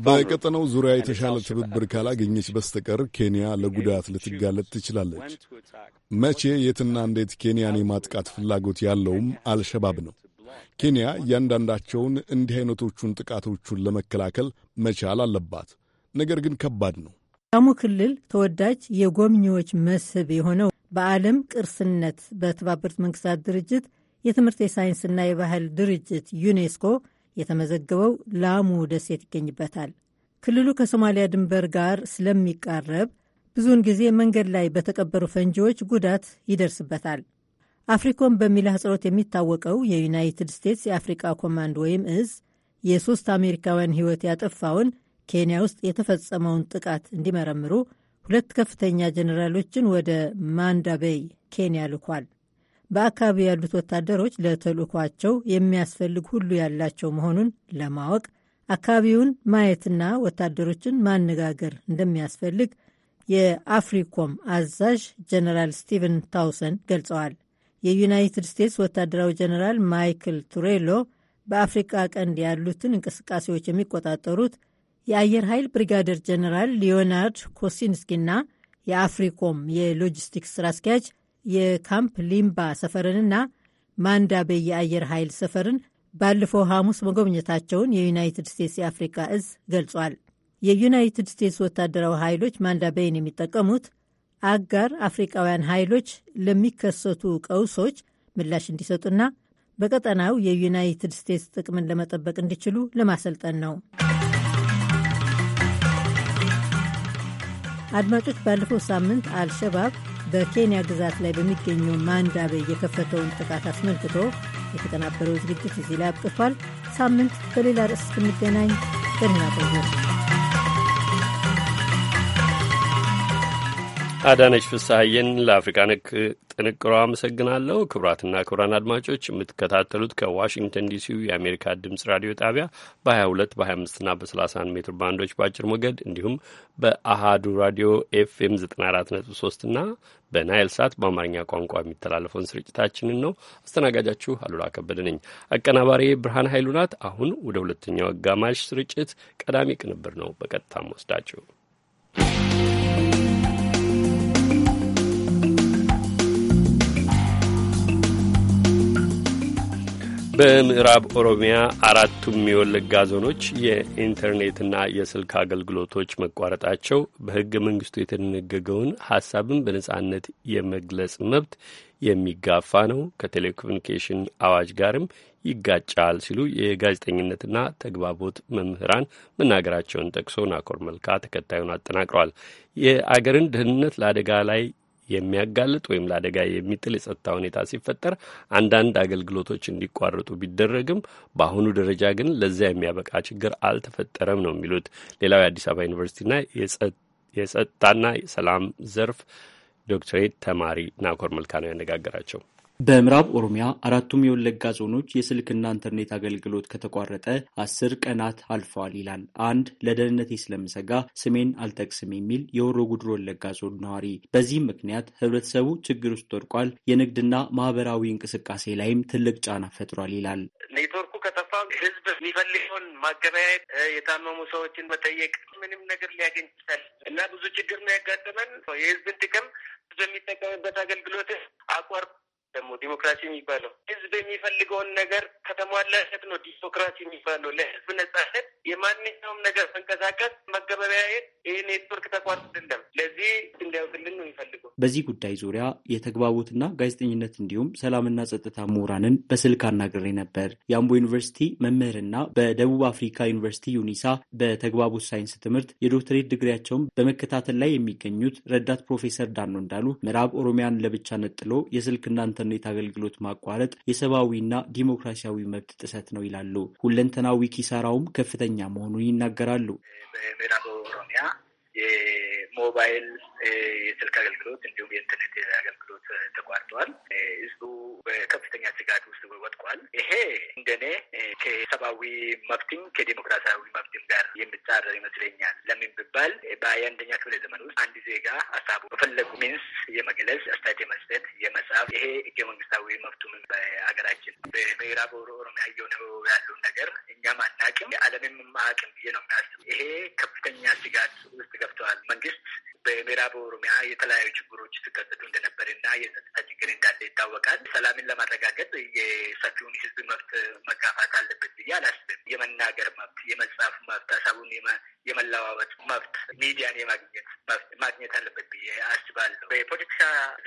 በቀጠናው ዙሪያ የተሻለ ትብብር ካላገኘች በስተቀር ኬንያ ለጉዳት ልትጋለጥ ትችላለች። መቼ፣ የትና እንዴት ኬንያን የማጥቃት ፍላጎት ያለውም አልሸባብ ነው። ኬንያ እያንዳንዳቸውን እንዲህ አይነቶቹን ጥቃቶቹን ለመከላከል መቻል አለባት። ነገር ግን ከባድ ነው። ዳሙ ክልል ተወዳጅ የጎብኚዎች መስህብ የሆነው በዓለም ቅርስነት በተባበሩት መንግስታት ድርጅት የትምህርት የሳይንስና የባህል ድርጅት ዩኔስኮ የተመዘገበው ላሙ ደሴት ይገኝበታል። ክልሉ ከሶማሊያ ድንበር ጋር ስለሚቃረብ ብዙውን ጊዜ መንገድ ላይ በተቀበሩ ፈንጂዎች ጉዳት ይደርስበታል። አፍሪኮም በሚል ሕጽሮት የሚታወቀው የዩናይትድ ስቴትስ የአፍሪቃ ኮማንድ ወይም እዝ የሶስት አሜሪካውያን ሕይወት ያጠፋውን ኬንያ ውስጥ የተፈጸመውን ጥቃት እንዲመረምሩ ሁለት ከፍተኛ ጀኔራሎችን ወደ ማንዳቤይ ኬንያ ልኳል። በአካባቢው ያሉት ወታደሮች ለተልእኳቸው የሚያስፈልግ ሁሉ ያላቸው መሆኑን ለማወቅ አካባቢውን ማየትና ወታደሮችን ማነጋገር እንደሚያስፈልግ የአፍሪኮም አዛዥ ጀነራል ስቲቨን ታውሰን ገልጸዋል። የዩናይትድ ስቴትስ ወታደራዊ ጀነራል ማይክል ቱሬሎ በአፍሪቃ ቀንድ ያሉትን እንቅስቃሴዎች የሚቆጣጠሩት የአየር ኃይል ብሪጋደር ጀነራል ሊዮናርድ ኮሲንስኪና የአፍሪኮም የሎጂስቲክስ ስራ አስኪያጅ የካምፕ ሊምባ ሰፈርንና ማንዳ የአየር ኃይል ሰፈርን ባለፈው ሐሙስ መጎብኘታቸውን የዩናይትድ ስቴትስ የአፍሪካ እዝ ገልጿል። የዩናይትድ ስቴትስ ወታደራዊ ኃይሎች ማንዳቤይን የሚጠቀሙት አጋር አፍሪካውያን ኃይሎች ለሚከሰቱ ቀውሶች ምላሽ እንዲሰጡና በቀጠናው የዩናይትድ ስቴትስ ጥቅምን ለመጠበቅ እንዲችሉ ለማሰልጠን ነው። አድማጮች፣ ባለፈው ሳምንት አልሸባብ በኬንያ ግዛት ላይ በሚገኘው ማንዳቤ የከፈተውን ጥቃት አስመልክቶ የተቀናበረው ዝግጅት እዚህ ላይ አብቅቷል። ሳምንት በሌላ ርዕስ እስክንገናኝ ደህና ቆዩ። አዳነች ፍስሐዬን ለአፍሪቃ ነክ ጥንቅሮ አመሰግናለሁ። ክቡራትና ክቡራን አድማጮች የምትከታተሉት ከዋሽንግተን ዲሲው የአሜሪካ ድምጽ ራዲዮ ጣቢያ በ22 በ25ና በ31 ሜትር ባንዶች በአጭር ሞገድ እንዲሁም በአሃዱ ራዲዮ ኤፍኤም 94.3 እና በናይል ሳት በአማርኛ ቋንቋ የሚተላለፈውን ስርጭታችንን ነው። አስተናጋጃችሁ አሉላ ከበደ ነኝ። አቀናባሪ ብርሃን ኃይሉ ናት። አሁን ወደ ሁለተኛው አጋማሽ ስርጭት ቀዳሚ ቅንብር ነው በቀጥታም ወስዳችሁ በምዕራብ ኦሮሚያ አራቱም የወለጋ ዞኖች የኢንተርኔትና የስልክ አገልግሎቶች መቋረጣቸው በሕገ መንግስቱ የተደነገገውን ሀሳብን በነጻነት የመግለጽ መብት የሚጋፋ ነው፣ ከቴሌኮሙኒኬሽን አዋጅ ጋርም ይጋጫል ሲሉ የጋዜጠኝነትና ተግባቦት መምህራን መናገራቸውን ጠቅሶ ናኮር መልካ ተከታዩን አጠናቅሯል። የአገርን ደህንነት ለአደጋ ላይ የሚያጋልጥ ወይም ለአደጋ የሚጥል የጸጥታ ሁኔታ ሲፈጠር አንዳንድ አገልግሎቶች እንዲቋረጡ ቢደረግም በአሁኑ ደረጃ ግን ለዚያ የሚያበቃ ችግር አልተፈጠረም ነው የሚሉት ሌላው የአዲስ አበባ ዩኒቨርሲቲና የጸጥታና ሰላም ዘርፍ ዶክትሬት ተማሪ ናኮር መልካ ነው ያነጋገራቸው። በምዕራብ ኦሮሚያ አራቱም የወለጋ ዞኖች የስልክና ኢንተርኔት አገልግሎት ከተቋረጠ አስር ቀናት አልፈዋል ይላል አንድ ለደህንነቴ ስለምሰጋ ስሜን አልጠቅስም የሚል የሆሮ ጉድሮ ወለጋ ዞን ነዋሪ። በዚህም ምክንያት ህብረተሰቡ ችግር ውስጥ ወድቋል፣ የንግድና ማህበራዊ እንቅስቃሴ ላይም ትልቅ ጫና ፈጥሯል ይላል። ኔትወርኩ ከጠፋ ህዝብ የሚፈልገውን ማገበያየት፣ የታመሙ ሰዎችን መጠየቅ፣ ምንም ነገር ሊያገኝ ይችላል እና ብዙ ችግር ነው ያጋጠመን የህዝብን ጥቅም የሚጠቀምበት አገልግሎት አቋር ደግሞ ዲሞክራሲ የሚባለው ህዝብ የሚፈልገውን ነገር ከተሟላለት ነው። ዲሞክራሲ የሚባለው ለህዝብ ነጻነት የማንኛውም ነገር መንቀሳቀስ፣ መገበቢያየት ይህ ኔትወርክ ተቋም አይደለም። ለዚህ እንዲያውቅልን ነው የሚፈልገው። በዚህ ጉዳይ ዙሪያ የተግባቦትና ጋዜጠኝነት እንዲሁም ሰላምና ጸጥታ ምሁራንን በስልክ አናግሬ ነበር። የአምቦ ዩኒቨርሲቲ መምህርና በደቡብ አፍሪካ ዩኒቨርሲቲ ዩኒሳ በተግባቦት ሳይንስ ትምህርት የዶክትሬት ድግሪያቸውን በመከታተል ላይ የሚገኙት ረዳት ፕሮፌሰር ዳኖ እንዳሉ ምዕራብ ኦሮሚያን ለብቻ ነጥሎ የስልክና የኢንተርኔት አገልግሎት ማቋረጥ የሰብአዊና ዲሞክራሲያዊ መብት ጥሰት ነው ይላሉ። ሁለንተናዊ ኪሳራውም ከፍተኛ መሆኑን ይናገራሉ። በምዕራብ ኦሮሚያ የሞባይል የስልክ አገልግሎት እንዲሁም የኢንተርኔት አገልግሎት ተቋርጠዋል። ህዝቡ በከፍተኛ ስጋት ውስጥ ወጥቋል። ይሄ እንደኔ ከሰብአዊ መብትም ከዲሞክራሲያዊ መብትም ጋር የሚጻረር ይመስለኛል። ለምን ብባል በአንደኛ ክፍለ ዘመን ውስጥ አንድ ዜጋ ሀሳቡ በፈለጉ ሚንስ የመግለጽ አስተያየት የመስጠት የመጻፍ ይሄ ህገ መንግስታዊ መብቱም በሀገራችን በምዕራብ ኦሮሚያ እየሆነ ያለውን ነገር እኛም አናቅም የዓለምም አቅም ብዬ ነው የሚያስብ። ይሄ ከፍተኛ ስጋት ውስጥ ገብተዋል። መንግስት በምዕራብ ኦሮሚያ የተለያዩ ችግሮች ሲከሰቱ እንደነበር እና የጸጥታ ችግር እንዳለ ይታወቃል። ሰላምን ለማረጋገጥ የሰፊውን ህዝብ መብት መጋፋት አለበት ብዬ አላስብም። የመናገር መብት፣ የመጻፍ መብት፣ ሀሳቡን የመለዋወጥ መብት፣ ሚዲያን የማግኘት መብት ማግኘት አለበት ብዬ አስባለሁ። በፖለቲካ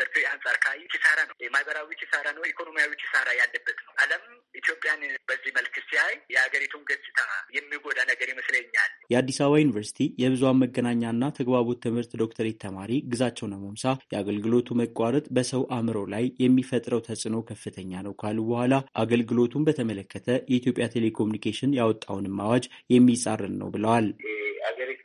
ዘርፍ አንጻር ካይ ኪሳራ ነው፣ የማህበራዊ ኪሳራ ነው፣ ኢኮኖሚያዊ ኪሳራ ያለበት ነው። ዓለም ኢትዮጵያን በዚህ መልክ ሲያይ የሀገሪቱን ገጽታ የሚጎዳ ነገር ይመስለኛል። የአዲስ አበባ ዩኒቨርሲቲ የብዙ መገናኛና ተግባቦት ትምህርት ዶክተር በተጨማሪ ግዛቸው ነመምሳ የአገልግሎቱ መቋረጥ በሰው አእምሮ ላይ የሚፈጥረው ተጽዕኖ ከፍተኛ ነው ካሉ በኋላ አገልግሎቱን በተመለከተ የኢትዮጵያ ቴሌኮሙኒኬሽን ያወጣውንም አዋጅ የሚጻረን ነው ብለዋል። አገሪቷ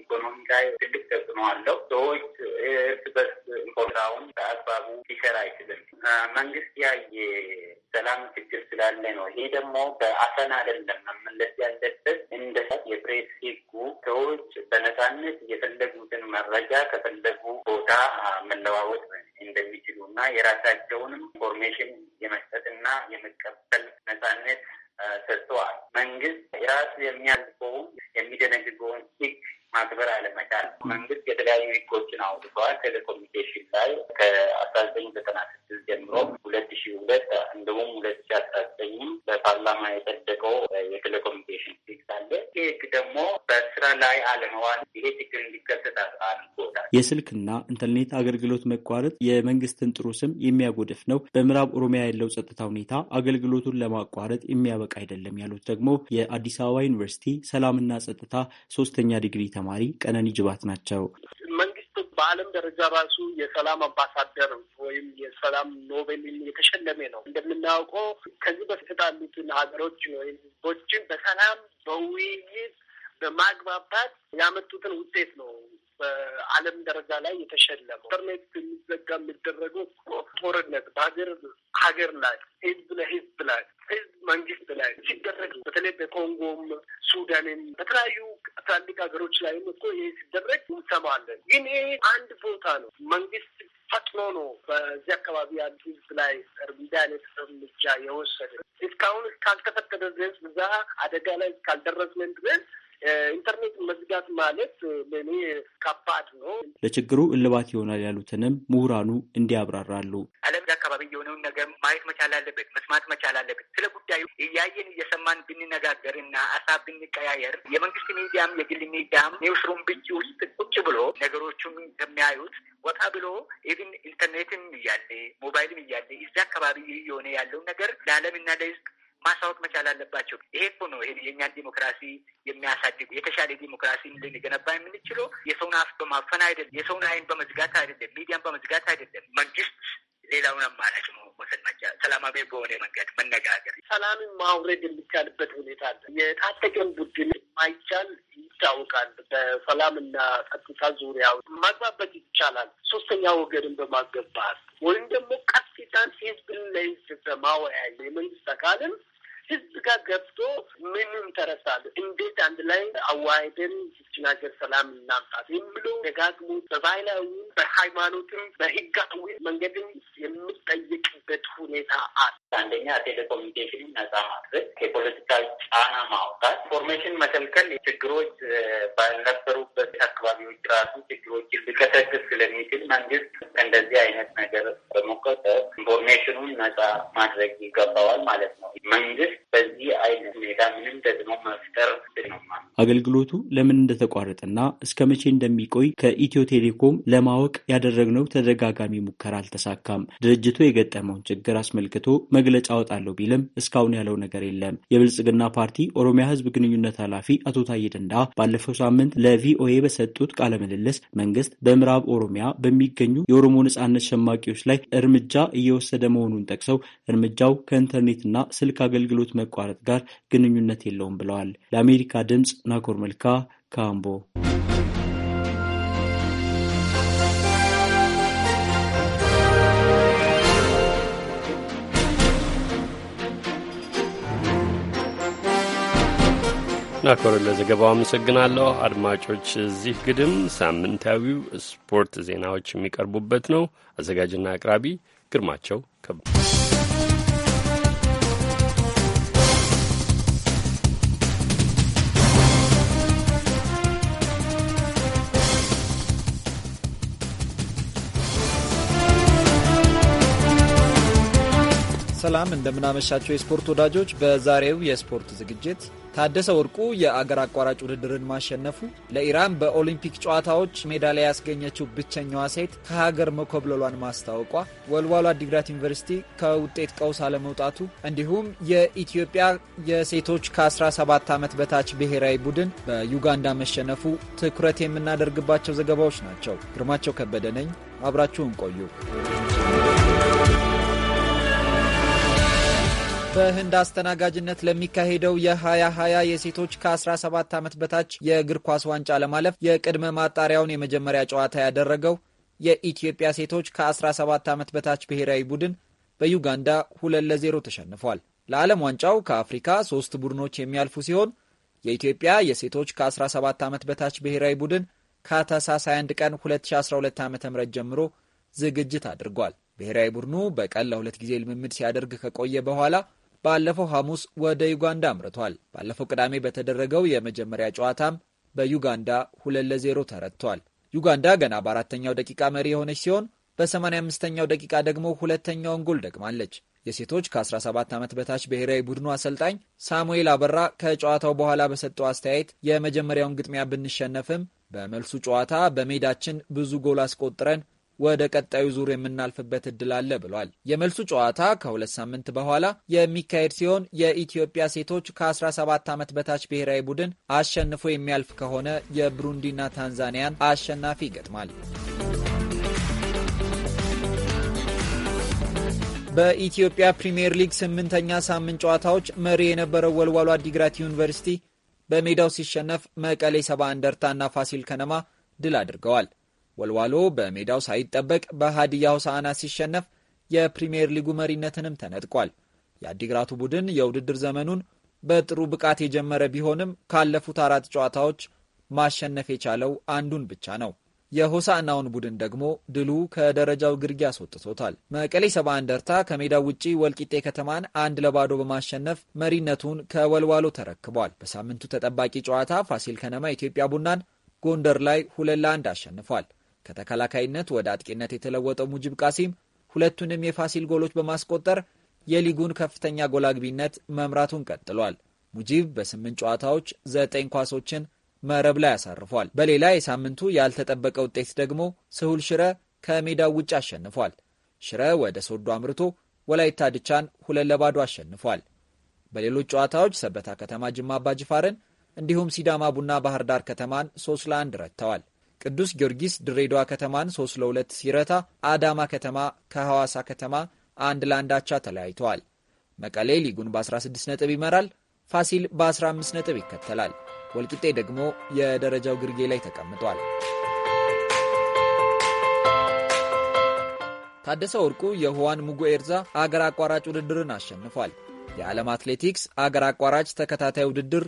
ኢኮኖሚ ላይ ትልቅ ተጽዕኖ አለው። ሰዎች እርስ በርስ ስራውን በአግባቡ ሊሰራ አይችልም። መንግስት ያየ ሰላም ችግር ስላለ ነው። ይሄ ደግሞ በአፈና አይደለም መመለስ ያለበት። እንደ የፕሬስ ህጉ ሰዎች በነፃነት የፈለጉትን መረጃ ከፈለጉ ቦታ መለዋወጥ እንደሚችሉ እና የራሳቸውንም ኢንፎርሜሽን የመስጠትና የመቀበል ነፃነት ሰጥተዋል። መንግስት ራሱ የሚያልፈውን የሚደነግገውን ህግ ማክበር አለመቻል መንግስት የተለያዩ ህጎችን አውጥተዋል። ቴሌኮሙኒኬሽን ላይ ከአስራ ዘጠኝ ዘጠና ስድስት ጀምሮ ሁለት ሺ ሁለት እንደውም ሁለት ሺ አስራ ዘጠኝም በፓርላማ የጸደቀው የቴሌኮሙኒኬሽን ህግ አለ። ይህ ህግ ደግሞ በስራ ላይ አለመዋል ይሄ ችግር እንዲከሰት አድርጎታል። የስልክና ኢንተርኔት አገልግሎት መቋረጥ የመንግስትን ጥሩ ስም የሚያጎድፍ ነው። በምዕራብ ኦሮሚያ ያለው ጸጥታ ሁኔታ አገልግሎቱን ለማቋረጥ የሚያበቃ አይደለም ያሉት ደግሞ የአዲስ አበባ ዩኒቨርሲቲ ሰላምና ጸጥታ ሶስተኛ ዲግሪ ተማሪ ቀነኒ ጅባት ናቸው። መንግስት በዓለም ደረጃ ራሱ የሰላም አምባሳደር ወይም የሰላም ኖቤል የተሸለመ ነው። እንደምናውቀው ከዚህ በፊት የተጣሉትን ሀገሮች ወይም ህዝቦችን በሰላም በውይይት በማግባባት ያመጡትን ውጤት ነው በዓለም ደረጃ ላይ የተሸለመው። ኢንተርኔት የሚዘጋ የሚደረገው ጦርነት በሀገር ሀገር ላይ ህዝብ ለህዝብ ላይ ህዝብ መንግስት ላይ ሲደረግ በተለይ በኮንጎም ሱዳንም በተለያዩ ትላልቅ ሀገሮች ላይም እኮ ይህ ሲደረግ እንሰማለን። ግን ይህ አንድ ቦታ ነው። መንግስት ፈጥኖ ነው በዚህ አካባቢ ያሉ ህዝብ ላይ እርምጃ አይነት እርምጃ የወሰደ እስካሁን እስካልተፈቀደ ድረስ እዛ አደጋ ላይ እስካልደረስን ድረስ ኢንተርኔት መዝጋት ማለት ለእኔ ከባድ ነው። ለችግሩ እልባት ይሆናል ያሉትንም ምሁራኑ እንዲያብራራሉ። ዓለም አካባቢ የሆነውን ነገር ማየት መቻል አለበት፣ መስማት መቻል አለበት። ስለ ጉዳዩ እያየን እየሰማን ብንነጋገርና አሳብ ብንቀያየር የመንግስት ሚዲያም የግል ሚዲያም ኒውስሩም ብቻ ውስጥ ቁጭ ብሎ ነገሮቹን ከሚያዩት ወጣ ብሎ ኢቭን ኢንተርኔትም እያለ ሞባይልም እያለ እዚ አካባቢ የሆነ ያለውን ነገር ለዓለምና ለህዝብ ማሳወቅ መቻል አለባቸው። ይሄ እኮ ነው ይሄ የእኛን ዲሞክራሲ የሚያሳድጉ የተሻለ ዲሞክራሲ ልንገነባ የምንችለው የሰውን አፍ በማፈን አይደለም፣ የሰውን አይን በመዝጋት አይደለም፣ ሚዲያን በመዝጋት አይደለም። መንግስት ሌላውን አማራጭ መውሰድ መቻል፣ ሰላማዊ በሆነ መንገድ መነጋገር፣ ሰላምን ማውረድ የሚቻልበት ሁኔታ አለ። የታጠቀን ቡድን ማይቻል ይታወቃል። በሰላምና ጸጥታ ዙሪያ ማግባባት ይቻላል። ሶስተኛ ወገንን በማገባት ወይም ደግሞ ቀጥታን ህዝብን ለህዝብ በማወያ የመንግስት አካልን ህዝብ ጋር ገብቶ ምንም ተረሳሉ እንዴት አንድ ላይ አዋህደን ይችን ሀገር ሰላም እናምጣት የሚሉ ደጋግሞ በባህላዊ በሃይማኖትም በህጋዊ መንገድም የምጠየቅበት ሁኔታ አለ። አንደኛ ቴሌኮሙኒኬሽን ነጻ ማድረግ፣ የፖለቲካ ጫና ማውጣት፣ ኢንፎርሜሽን መከልከል ችግሮች ባልነበሩበት አካባቢዎች ራሱ ችግሮችን ሊቀሰቅስ ስለሚችል መንግስት እንደዚህ አይነት ነገር በመቆጠብ ኢንፎርሜሽኑን ነጻ ማድረግ ይገባዋል ማለት ነው መንግስት በዚህ አይነት ሁኔታ ምንም ተጽዕኖ መፍጠር ነው። አገልግሎቱ ለምን እንደተቋረጠና እስከ መቼ እንደሚቆይ ከኢትዮ ቴሌኮም ለማወቅ ያደረግነው ተደጋጋሚ ሙከራ አልተሳካም። ድርጅቱ የገጠመውን ችግር አስመልክቶ መግለጫ አወጣለሁ ቢልም እስካሁን ያለው ነገር የለም። የብልጽግና ፓርቲ ኦሮሚያ ህዝብ ግንኙነት ኃላፊ አቶ ታዬ ደንዳ ባለፈው ሳምንት ለቪኦኤ በሰጡት ቃለ ምልልስ መንግስት በምዕራብ ኦሮሚያ በሚገኙ የኦሮሞ ነጻነት ሸማቂዎች ላይ እርምጃ እየወሰደ መሆኑን ጠቅሰው እርምጃው ከኢንተርኔትና ስልክ አገልግሎት አገልግሎት መቋረጥ ጋር ግንኙነት የለውም ብለዋል። ለአሜሪካ ድምፅ ናኮር መልካ ካምቦ ናኮር ለዘገባው አመሰግናለሁ። አድማጮች፣ እዚህ ግድም ሳምንታዊው ስፖርት ዜናዎች የሚቀርቡበት ነው። አዘጋጅና አቅራቢ ግርማቸው ከብ ሰላም እንደምናመሻቸው የስፖርት ወዳጆች። በዛሬው የስፖርት ዝግጅት ታደሰ ወርቁ የአገር አቋራጭ ውድድርን ማሸነፉ፣ ለኢራን በኦሊምፒክ ጨዋታዎች ሜዳሊያ ያስገኘችው ብቸኛዋ ሴት ከሀገር መኮብለሏን ማስታወቋ፣ ወልዋሎ አዲግራት ዩኒቨርሲቲ ከውጤት ቀውስ አለመውጣቱ፣ እንዲሁም የኢትዮጵያ የሴቶች ከ17 ዓመት በታች ብሔራዊ ቡድን በዩጋንዳ መሸነፉ ትኩረት የምናደርግባቸው ዘገባዎች ናቸው። ግርማቸው ከበደ ነኝ። አብራችሁን ቆዩ። በህንድ አስተናጋጅነት ለሚካሄደው የ2020 የሴቶች ከ17 ዓመት በታች የእግር ኳስ ዋንጫ ለማለፍ የቅድመ ማጣሪያውን የመጀመሪያ ጨዋታ ያደረገው የኢትዮጵያ ሴቶች ከ17 ዓመት በታች ብሔራዊ ቡድን በዩጋንዳ 2 ለ0 ተሸንፏል። ለዓለም ዋንጫው ከአፍሪካ ሶስት ቡድኖች የሚያልፉ ሲሆን የኢትዮጵያ የሴቶች ከ17 ዓመት በታች ብሔራዊ ቡድን ከታህሳስ 21 ቀን 2012 ዓ ም ጀምሮ ዝግጅት አድርጓል። ብሔራዊ ቡድኑ በቀን ለሁለት ጊዜ ልምምድ ሲያደርግ ከቆየ በኋላ ባለፈው ሐሙስ ወደ ዩጋንዳ አምርቷል። ባለፈው ቅዳሜ በተደረገው የመጀመሪያ ጨዋታም በዩጋንዳ ሁለት ለዜሮ ተረቷል። ዩጋንዳ ገና በአራተኛው ደቂቃ መሪ የሆነች ሲሆን በ85ኛው ደቂቃ ደግሞ ሁለተኛውን ጎል ደግማለች። የሴቶች ከ17 ዓመት በታች ብሔራዊ ቡድኑ አሰልጣኝ ሳሙኤል አበራ ከጨዋታው በኋላ በሰጠው አስተያየት የመጀመሪያውን ግጥሚያ ብንሸነፍም በመልሱ ጨዋታ በሜዳችን ብዙ ጎል አስቆጥረን ወደ ቀጣዩ ዙር የምናልፍበት እድል አለ ብሏል። የመልሱ ጨዋታ ከሁለት ሳምንት በኋላ የሚካሄድ ሲሆን የኢትዮጵያ ሴቶች ከ17 ዓመት በታች ብሔራዊ ቡድን አሸንፎ የሚያልፍ ከሆነ የብሩንዲና ታንዛኒያን አሸናፊ ይገጥማል። በኢትዮጵያ ፕሪምየር ሊግ ስምንተኛ ሳምንት ጨዋታዎች መሪ የነበረው ወልዋሎ አዲግራት ዩኒቨርሲቲ በሜዳው ሲሸነፍ መቀሌ ሰባ እንደርታና ፋሲል ከነማ ድል አድርገዋል። ወልዋሎ በሜዳው ሳይጠበቅ በሃዲያ ሆሳዕና ሲሸነፍ የፕሪምየር ሊጉ መሪነትንም ተነጥቋል። የአዲግራቱ ቡድን የውድድር ዘመኑን በጥሩ ብቃት የጀመረ ቢሆንም ካለፉት አራት ጨዋታዎች ማሸነፍ የቻለው አንዱን ብቻ ነው። የሆሳዕናውን ቡድን ደግሞ ድሉ ከደረጃው ግርጌ አስወጥቶታል። መቀሌ ሰባ እንደርታ ከሜዳው ውጪ ወልቂጤ ከተማን አንድ ለባዶ በማሸነፍ መሪነቱን ከወልዋሎ ተረክቧል። በሳምንቱ ተጠባቂ ጨዋታ ፋሲል ከነማ ኢትዮጵያ ቡናን ጎንደር ላይ ሁለት ለአንድ አሸንፏል። ከተከላካይነት ወደ አጥቂነት የተለወጠው ሙጅብ ቃሲም ሁለቱንም የፋሲል ጎሎች በማስቆጠር የሊጉን ከፍተኛ ጎል አግቢነት መምራቱን ቀጥሏል። ሙጂብ በስምንት ጨዋታዎች ዘጠኝ ኳሶችን መረብ ላይ አሳርፏል። በሌላ የሳምንቱ ያልተጠበቀ ውጤት ደግሞ ስሁል ሽረ ከሜዳው ውጭ አሸንፏል። ሽረ ወደ ሶዶ አምርቶ ወላይታ ድቻን ሁለት ለባዶ አሸንፏል። በሌሎች ጨዋታዎች ሰበታ ከተማ ጅማ አባጅፋርን እንዲሁም ሲዳማ ቡና ባህር ዳር ከተማን ሶስት ለአንድ ረትተዋል። ቅዱስ ጊዮርጊስ ድሬዳዋ ከተማን 3 ለሁለት ሲረታ አዳማ ከተማ ከሐዋሳ ከተማ አንድ ለአንድ አቻ ተለያይተዋል። መቀሌ ሊጉን በ16 ነጥብ ይመራል። ፋሲል በ15 ነጥብ ይከተላል። ወልቂጤ ደግሞ የደረጃው ግርጌ ላይ ተቀምጧል። ታደሰ ወርቁ የሁዋን ሙጉኤርዛ አገር አቋራጭ ውድድርን አሸንፏል። የዓለም አትሌቲክስ አገር አቋራጭ ተከታታይ ውድድር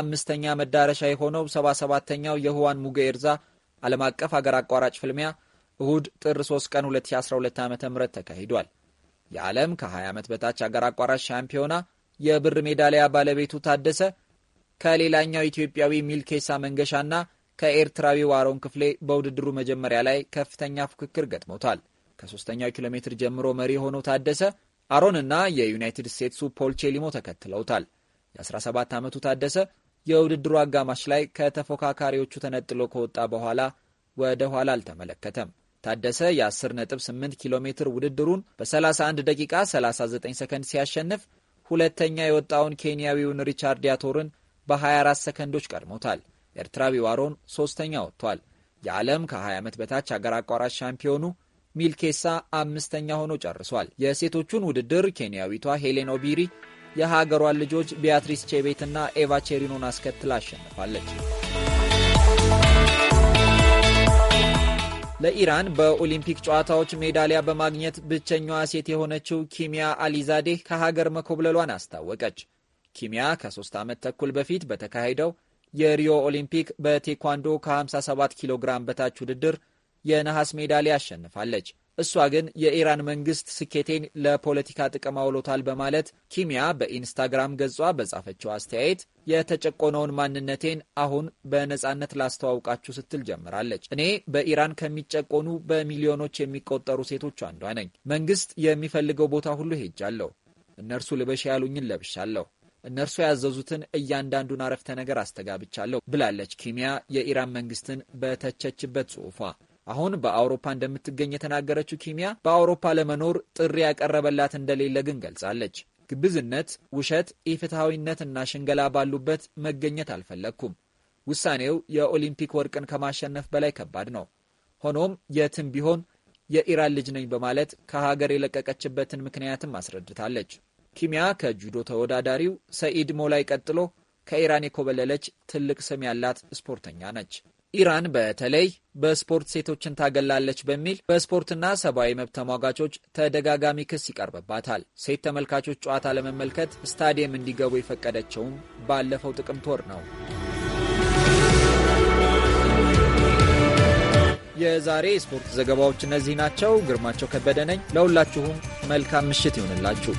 አምስተኛ መዳረሻ የሆነው 77ተኛው የሁዋን ሙጉኤርዛ ዓለም አቀፍ አገር አቋራጭ ፍልሚያ እሁድ ጥር 3 ቀን 2012 ዓ ም ተካሂዷል። የዓለም ከ20 ዓመት በታች አገር አቋራጭ ሻምፒዮና የብር ሜዳሊያ ባለቤቱ ታደሰ ከሌላኛው ኢትዮጵያዊ ሚልኬሳ መንገሻና ከኤርትራዊው አሮን ክፍሌ በውድድሩ መጀመሪያ ላይ ከፍተኛ ፉክክር ገጥሞታል። ከሶስተኛው ኪሎ ሜትር ጀምሮ መሪ ሆኖ ታደሰ አሮንና የዩናይትድ ስቴትሱ ፖል ቼሊሞ ተከትለውታል። የ17 ዓመቱ ታደሰ የውድድሩ አጋማሽ ላይ ከተፎካካሪዎቹ ተነጥሎ ከወጣ በኋላ ወደ ኋላ አልተመለከተም። ታደሰ የ10.8 ኪሎ ሜትር ውድድሩን በ31 ደቂቃ 39 ሰከንድ ሲያሸንፍ ሁለተኛ የወጣውን ኬንያዊውን ሪቻርድ ያቶርን በ24 ሰከንዶች ቀድሞታል። ኤርትራዊ ዋሮን ሦስተኛ ወጥቷል። የዓለም ከ20 ዓመት በታች አገር አቋራጭ ሻምፒዮኑ ሚልኬሳ አምስተኛ ሆኖ ጨርሷል። የሴቶቹን ውድድር ኬንያዊቷ ሄሌን ኦቢሪ የሀገሯን ልጆች ቢያትሪስ ቼቤትና ኤቫ ቼሪኖን አስከትላ አሸንፋለች። ለኢራን በኦሊምፒክ ጨዋታዎች ሜዳሊያ በማግኘት ብቸኛዋ ሴት የሆነችው ኪሚያ አሊዛዴህ ከሀገር መኮብለሏን አስታወቀች። ኪሚያ ከሶስት ዓመት ተኩል በፊት በተካሄደው የሪዮ ኦሊምፒክ በቴኳንዶ ከ57 ኪሎ ግራም በታች ውድድር የነሐስ ሜዳሊያ አሸንፋለች። እሷ ግን የኢራን መንግስት ስኬቴን ለፖለቲካ ጥቅም አውሎታል በማለት ኪሚያ በኢንስታግራም ገጿ በጻፈችው አስተያየት የተጨቆነውን ማንነቴን አሁን በነጻነት ላስተዋውቃችሁ ስትል ጀምራለች። እኔ በኢራን ከሚጨቆኑ በሚሊዮኖች የሚቆጠሩ ሴቶች አንዷ ነኝ። መንግስት የሚፈልገው ቦታ ሁሉ ሄጃለሁ። እነርሱ ልበሽ ያሉኝን ለብሻለሁ። እነርሱ ያዘዙትን እያንዳንዱን አረፍተ ነገር አስተጋብቻለሁ ብላለች ኪሚያ የኢራን መንግስትን በተቸችበት ጽሑፏ። አሁን በአውሮፓ እንደምትገኝ የተናገረችው ኪሚያ በአውሮፓ ለመኖር ጥሪ ያቀረበላት እንደሌለ ግን ገልጻለች። ግብዝነት፣ ውሸት፣ ኢፍትሐዊነትና ሽንገላ ባሉበት መገኘት አልፈለግኩም። ውሳኔው የኦሊምፒክ ወርቅን ከማሸነፍ በላይ ከባድ ነው። ሆኖም የትም ቢሆን የኢራን ልጅ ነኝ በማለት ከሀገር የለቀቀችበትን ምክንያትም አስረድታለች። ኪሚያ ከጁዶ ተወዳዳሪው ሰኢድ ሞላይ ቀጥሎ ከኢራን የኮበለለች ትልቅ ስም ያላት ስፖርተኛ ነች። ኢራን በተለይ በስፖርት ሴቶችን ታገላለች በሚል በስፖርትና ሰብአዊ መብት ተሟጋቾች ተደጋጋሚ ክስ ይቀርብባታል። ሴት ተመልካቾች ጨዋታ ለመመልከት ስታዲየም እንዲገቡ የፈቀደችውም ባለፈው ጥቅምት ወር ነው። የዛሬ የስፖርት ዘገባዎች እነዚህ ናቸው። ግርማቸው ከበደ ነኝ። ለሁላችሁም መልካም ምሽት ይሆንላችሁ።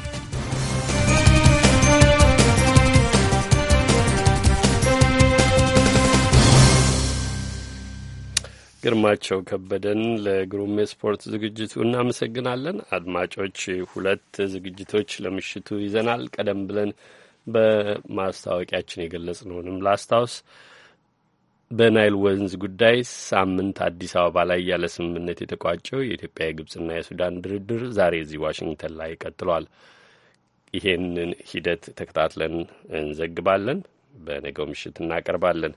ግርማቸው ከበደን ለግሩም ስፖርት ዝግጅቱ እናመሰግናለን። አድማጮች ሁለት ዝግጅቶች ለምሽቱ ይዘናል። ቀደም ብለን በማስታወቂያችን የገለጽነውንም ላስታውስ። በናይል ወንዝ ጉዳይ ሳምንት አዲስ አበባ ላይ ያለ ስምምነት የተቋጨው የኢትዮጵያ የግብጽና የሱዳን ድርድር ዛሬ እዚህ ዋሽንግተን ላይ ቀጥሏል። ይሄንን ሂደት ተከታትለን እንዘግባለን። በነገው ምሽት እናቀርባለን።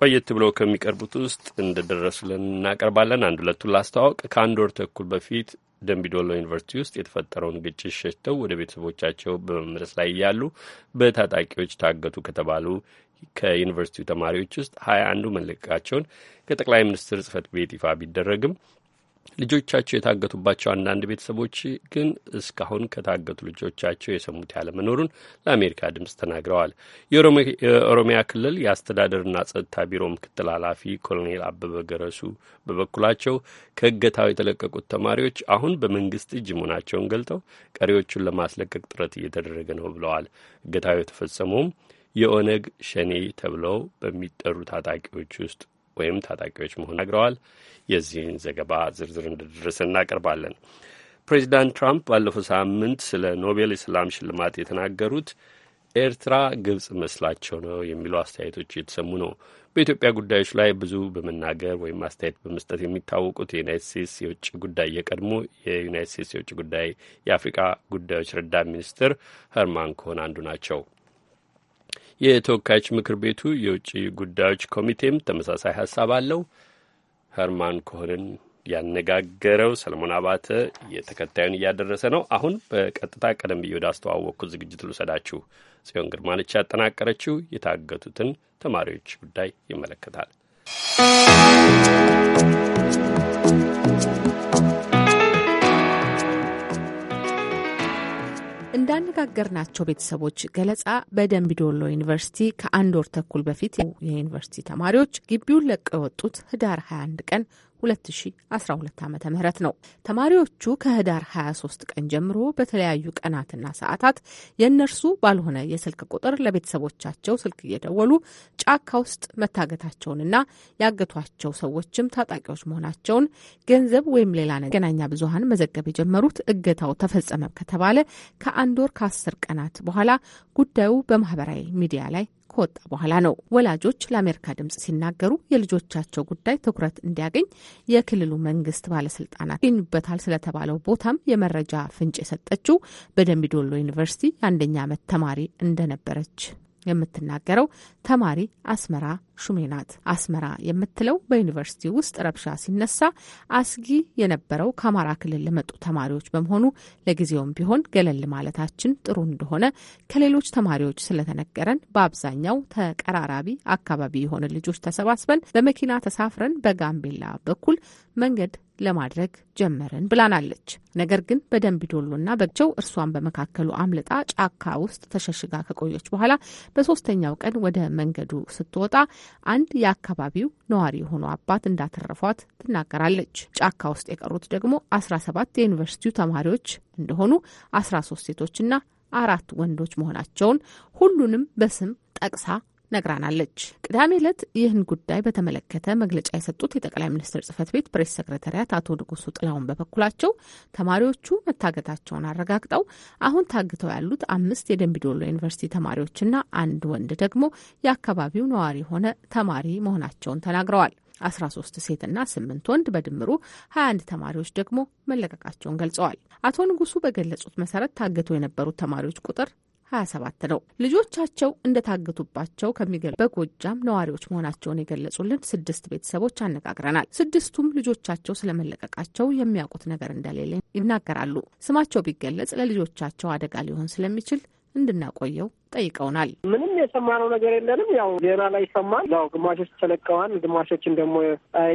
ቆየት ብለው ከሚቀርቡት ውስጥ እንደደረሱልን እናቀርባለን። አንድ ሁለቱን ላስተዋወቅ። ከአንድ ወር ተኩል በፊት ደንቢዶሎ ዩኒቨርሲቲ ውስጥ የተፈጠረውን ግጭት ሸሽተው ወደ ቤተሰቦቻቸው በመመለስ ላይ እያሉ በታጣቂዎች ታገቱ ከተባሉ ከዩኒቨርሲቲው ተማሪዎች ውስጥ ሀያ አንዱ መለቀቃቸውን ከጠቅላይ ሚኒስትር ጽህፈት ቤት ይፋ ቢደረግም ልጆቻቸው የታገቱባቸው አንዳንድ ቤተሰቦች ግን እስካሁን ከታገቱ ልጆቻቸው የሰሙት ያለመኖሩን ለአሜሪካ ድምፅ ተናግረዋል። የኦሮሚያ ክልል የአስተዳደርና ጸጥታ ቢሮ ምክትል ኃላፊ ኮሎኔል አበበ ገረሱ በበኩላቸው ከእገታው የተለቀቁት ተማሪዎች አሁን በመንግስት እጅ መሆናቸውን ገልጠው ቀሪዎቹን ለማስለቀቅ ጥረት እየተደረገ ነው ብለዋል። እገታው የተፈጸመውም የኦነግ ሸኔ ተብለው በሚጠሩ ታጣቂዎች ውስጥ ወይም ታጣቂዎች መሆን ነግረዋል። የዚህን ዘገባ ዝርዝር እንደደረሰ እናቀርባለን። ፕሬዚዳንት ትራምፕ ባለፈው ሳምንት ስለ ኖቤል የሰላም ሽልማት የተናገሩት ኤርትራ ግብጽ መስላቸው ነው የሚሉ አስተያየቶች እየተሰሙ ነው። በኢትዮጵያ ጉዳዮች ላይ ብዙ በመናገር ወይም አስተያየት በመስጠት የሚታወቁት የዩናይት ስቴትስ የውጭ ጉዳይ የቀድሞ የዩናይት ስቴትስ የውጭ ጉዳይ የአፍሪካ ጉዳዮች ረዳት ሚኒስትር ሀርማን ኮሆን አንዱ ናቸው። የተወካዮች ምክር ቤቱ የውጭ ጉዳዮች ኮሚቴም ተመሳሳይ ሀሳብ አለው። ሀርማን ኮህንን ያነጋገረው ሰለሞን አባተ የተከታዩን እያደረሰ ነው። አሁን በቀጥታ ቀደም ብዬ ወደ አስተዋወቅኩት ዝግጅት ልውሰዳችሁ። ጽዮን ግርማነች ያጠናቀረችው የታገቱትን ተማሪዎች ጉዳይ ይመለከታል። እንዳነጋገርናቸው ቤተሰቦች ገለጻ በደምቢዶሎ ዩኒቨርሲቲ ከአንድ ወር ተኩል በፊት የዩኒቨርሲቲ ተማሪዎች ግቢውን ለቀው የወጡት ህዳር 21 ቀን 2012 ዓ ም ነው። ተማሪዎቹ ከህዳር 23 ቀን ጀምሮ በተለያዩ ቀናትና ሰዓታት የእነርሱ ባልሆነ የስልክ ቁጥር ለቤተሰቦቻቸው ስልክ እየደወሉ ጫካ ውስጥ መታገታቸውንና ያገቷቸው ሰዎችም ታጣቂዎች መሆናቸውን ገንዘብ ወይም ሌላ መገናኛ ብዙሀን መዘገብ የጀመሩት እገታው ተፈጸመ ከተባለ ከአንድ ወር ከአስር ቀናት በኋላ ጉዳዩ በማህበራዊ ሚዲያ ላይ ከወጣ በኋላ ነው። ወላጆች ለአሜሪካ ድምጽ ሲናገሩ የልጆቻቸው ጉዳይ ትኩረት እንዲያገኝ የክልሉ መንግስት ባለስልጣናት ይገኙበታል ስለተባለው ቦታም የመረጃ ፍንጭ የሰጠችው በደምቢዶሎ ዩኒቨርሲቲ የአንደኛ ዓመት ተማሪ እንደነበረች የምትናገረው ተማሪ አስመራ ሹሜ ናት። አስመራ የምትለው በዩኒቨርሲቲ ውስጥ ረብሻ ሲነሳ አስጊ የነበረው ከአማራ ክልል ለመጡ ተማሪዎች በመሆኑ ለጊዜውም ቢሆን ገለል ማለታችን ጥሩ እንደሆነ ከሌሎች ተማሪዎች ስለተነገረን በአብዛኛው ተቀራራቢ አካባቢ የሆነ ልጆች ተሰባስበን በመኪና ተሳፍረን በጋምቤላ በኩል መንገድ ለማድረግ ጀመርን ብላናለች። ነገር ግን በደንቢ ዶሎና በቸው እርሷን በመካከሉ አምልጣ ጫካ ውስጥ ተሸሽጋ ከቆየች በኋላ በሶስተኛው ቀን ወደ መንገዱ ስትወጣ አንድ የአካባቢው ነዋሪ የሆኑ አባት እንዳተረፏት ትናገራለች። ጫካ ውስጥ የቀሩት ደግሞ አስራ ሰባት የዩኒቨርሲቲው ተማሪዎች እንደሆኑ አስራ ሶስት ሴቶችና አራት ወንዶች መሆናቸውን ሁሉንም በስም ጠቅሳ ነግራናለች። ቅዳሜ ዕለት ይህን ጉዳይ በተመለከተ መግለጫ የሰጡት የጠቅላይ ሚኒስትር ጽህፈት ቤት ፕሬስ ሰክረታሪያት አቶ ንጉሱ ጥላሁን በበኩላቸው ተማሪዎቹ መታገታቸውን አረጋግጠው አሁን ታግተው ያሉት አምስት የደንቢዶሎ ዩኒቨርሲቲ ተማሪዎችና አንድ ወንድ ደግሞ የአካባቢው ነዋሪ የሆነ ተማሪ መሆናቸውን ተናግረዋል። 13 ሴትና 8 ወንድ በድምሩ 21 ተማሪዎች ደግሞ መለቀቃቸውን ገልጸዋል። አቶ ንጉሱ በገለጹት መሰረት ታግተው የነበሩት ተማሪዎች ቁጥር 27 ነው። ልጆቻቸው እንደታገቱባቸው ከሚገል በጎጃም ነዋሪዎች መሆናቸውን የገለጹልን ስድስት ቤተሰቦች አነጋግረናል። ስድስቱም ልጆቻቸው ስለመለቀቃቸው የሚያውቁት ነገር እንደሌለ ይናገራሉ። ስማቸው ቢገለጽ ለልጆቻቸው አደጋ ሊሆን ስለሚችል እንድናቆየው ጠይቀውናል። ምንም የሰማነው ነገር የለንም። ያው ዜና ላይ ሰማን። ያው ግማሾች ተለቀዋል፣ ግማሾችን ደግሞ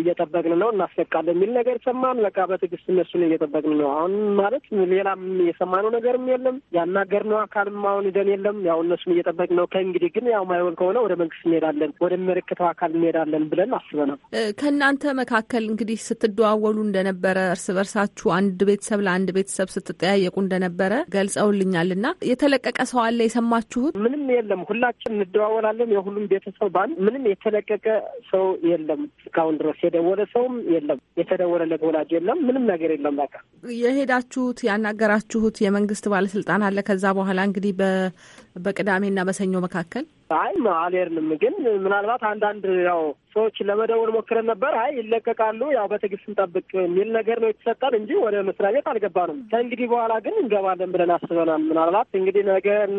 እየጠበቅን ነው እናስለቃለን የሚል ነገር ሰማን። በቃ በትዕግስት እነሱን እየጠበቅን ነው። አሁን ማለት ሌላም የሰማነው ነገርም የለም። ያናገርነው አካልም አሁን ሂደን የለም። ያው እነሱን እየጠበቅን ነው። ከእንግዲህ ግን ያው ማይሆን ከሆነ ወደ መንግስት እንሄዳለን፣ ወደሚመለከተው አካል እንሄዳለን ብለን አስበናል። ከእናንተ መካከል እንግዲህ ስትደዋወሉ እንደነበረ እርስ በርሳችሁ አንድ ቤተሰብ ለአንድ ቤተሰብ ስትጠያየቁ እንደነበረ ገልጸውልኛል እና የተለቀቀ ሰው አለ የሰማችሁ ያላችሁት? ምንም የለም። ሁላችን እንደዋወላለን። የሁሉም ቤተሰብ ባል ምንም የተለቀቀ ሰው የለም። እስካሁን ድረስ የደወለ ሰውም የለም። የተደወለለት ወላጅ የለም። ምንም ነገር የለም። በቃ የሄዳችሁት ያናገራችሁት የመንግስት ባለስልጣን አለ? ከዛ በኋላ እንግዲህ በቅዳሜና በሰኞ መካከል አይ አልሄድንም። ግን ምናልባት አንዳንድ ያው ሰዎች ለመደወል ሞክረን ነበር። አይ ይለቀቃሉ፣ ያው በትዕግስት እንጠብቅ የሚል ነገር ነው የተሰጠን እንጂ ወደ መስሪያ ቤት አልገባንም። ከእንግዲህ በኋላ ግን እንገባለን ብለን አስበናል። ምናልባት እንግዲህ ነገን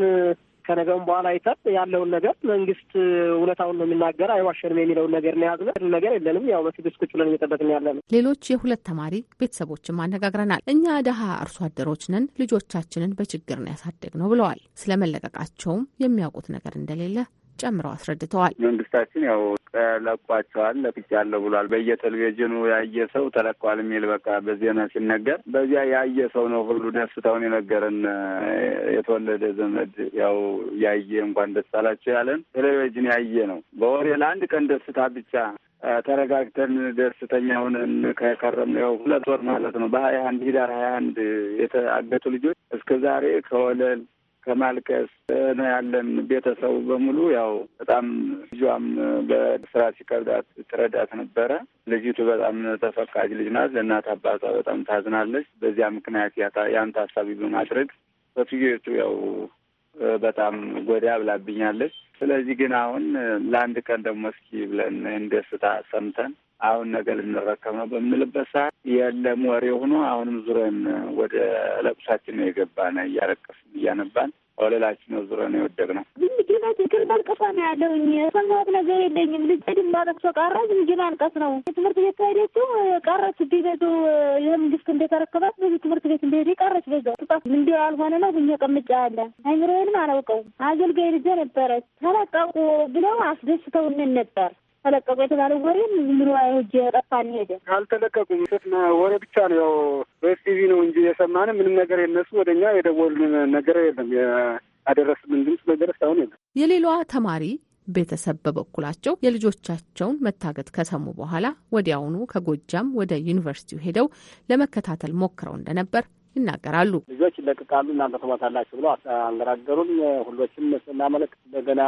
ከነገም በኋላ አይተን ያለውን ነገር መንግስት እውነታውን ነው የሚናገር አይዋሸንም የሚለውን ነገር ነው የያዝነው። ነገር የለንም። ያው በትዕግስት ቁጭ ብለን እየጠበቅን ያለ ነው። ሌሎች የሁለት ተማሪ ቤተሰቦችም አነጋግረናል። እኛ ደሀ አርሶ አደሮች ነን፣ ልጆቻችንን በችግር ነው ያሳደግ ነው ብለዋል። ስለመለቀቃቸውም የሚያውቁት ነገር እንደሌለ ጨምረው አስረድተዋል። መንግስታችን ያው ተለቋቸዋል ለቅጭ ያለው ብሏል። በየቴሌቪዥኑ ያየ ሰው ተለቋል የሚል በቃ በዜና ሲነገር በዚያ ያየ ሰው ነው ሁሉ ደስታውን የነገረን። የተወለደ ዘመድ ያው ያየ እንኳን ደስ አላቸው ያለን ቴሌቪዥን ያየ ነው። በወሬ ለአንድ ቀን ደስታ ብቻ ተረጋግተን ደስተኛ ሆነን ከከረም ያው ሁለት ወር ማለት ነው በሀያ አንድ ሂዳር ሀያ አንድ የተአገቱ ልጆች እስከ ዛሬ ከወለል ከማልቀስ ነው ያለን። ቤተሰቡ በሙሉ ያው በጣም ልጇም በስራ ሲከብዳት ትረዳት ነበረ። ልጅቱ በጣም ተፈቃጅ ልጅ ናት። ለእናት አባቷ በጣም ታዝናለች። በዚያ ምክንያት ያን ታሳቢ በማድረግ በፍየቱ ያው በጣም ጎዳ ብላብኛለች። ስለዚህ ግን አሁን ለአንድ ቀን ደግሞ እስኪ ብለን እንደስታ ሰምተን አሁን ነገ ልንረከብ ነው በምንልበት ሰዓት የለም ወሬ ሆኖ አሁንም ዙረን ወደ ለቅሳችን ነው የገባን፣ እያለቀስን እያነባን ወለላችን ነው ዙረን የወደቅ ነው። ዝምጅና ትክል መልቀሷ ነው ያለው እ የሰማት ነገር የለኝም። ልጅ ድማ ለቅሶ ቀረ፣ ዝምጅና አልቀስ ነው። የትምህርት ቤት ከሄደችው ቀረች። ቢገዙ የመንግስት እንደተረከባት ብዙ ትምህርት ቤት እንደሄደ ቀረች። በዛው ጥፋት እንዲ ያልሆነ ነው ብኛ ቀምጫ ያለ አይምሮዬንም አላውቀውም። አገልጋይ ልጄ ነበረች። ተለቀቁ ብለው አስደስተውንን ነበር ተለቀቁ የተባለ ወሬ ምን ጅ ጠፋን ሄደ። አልተለቀቁም ስትና ወሬ ብቻ ነው ያው በኤስቲቪ ነው እንጂ የሰማን ምንም ነገር የነሱ ወደ እኛ የደወሉን ነገር የለም። ያደረስብን ድምፅ ነገር እስካሁን የለም። የሌሏዋ ተማሪ ቤተሰብ በበኩላቸው የልጆቻቸውን መታገት ከሰሙ በኋላ ወዲያውኑ ከጎጃም ወደ ዩኒቨርሲቲው ሄደው ለመከታተል ሞክረው እንደነበር ይናገራሉ። ልጆች ይለቅቃሉ፣ እናንተ ትሞታላችሁ ብሎ አንገራገሩን። ሁሎችም ስናመለክ እንደገና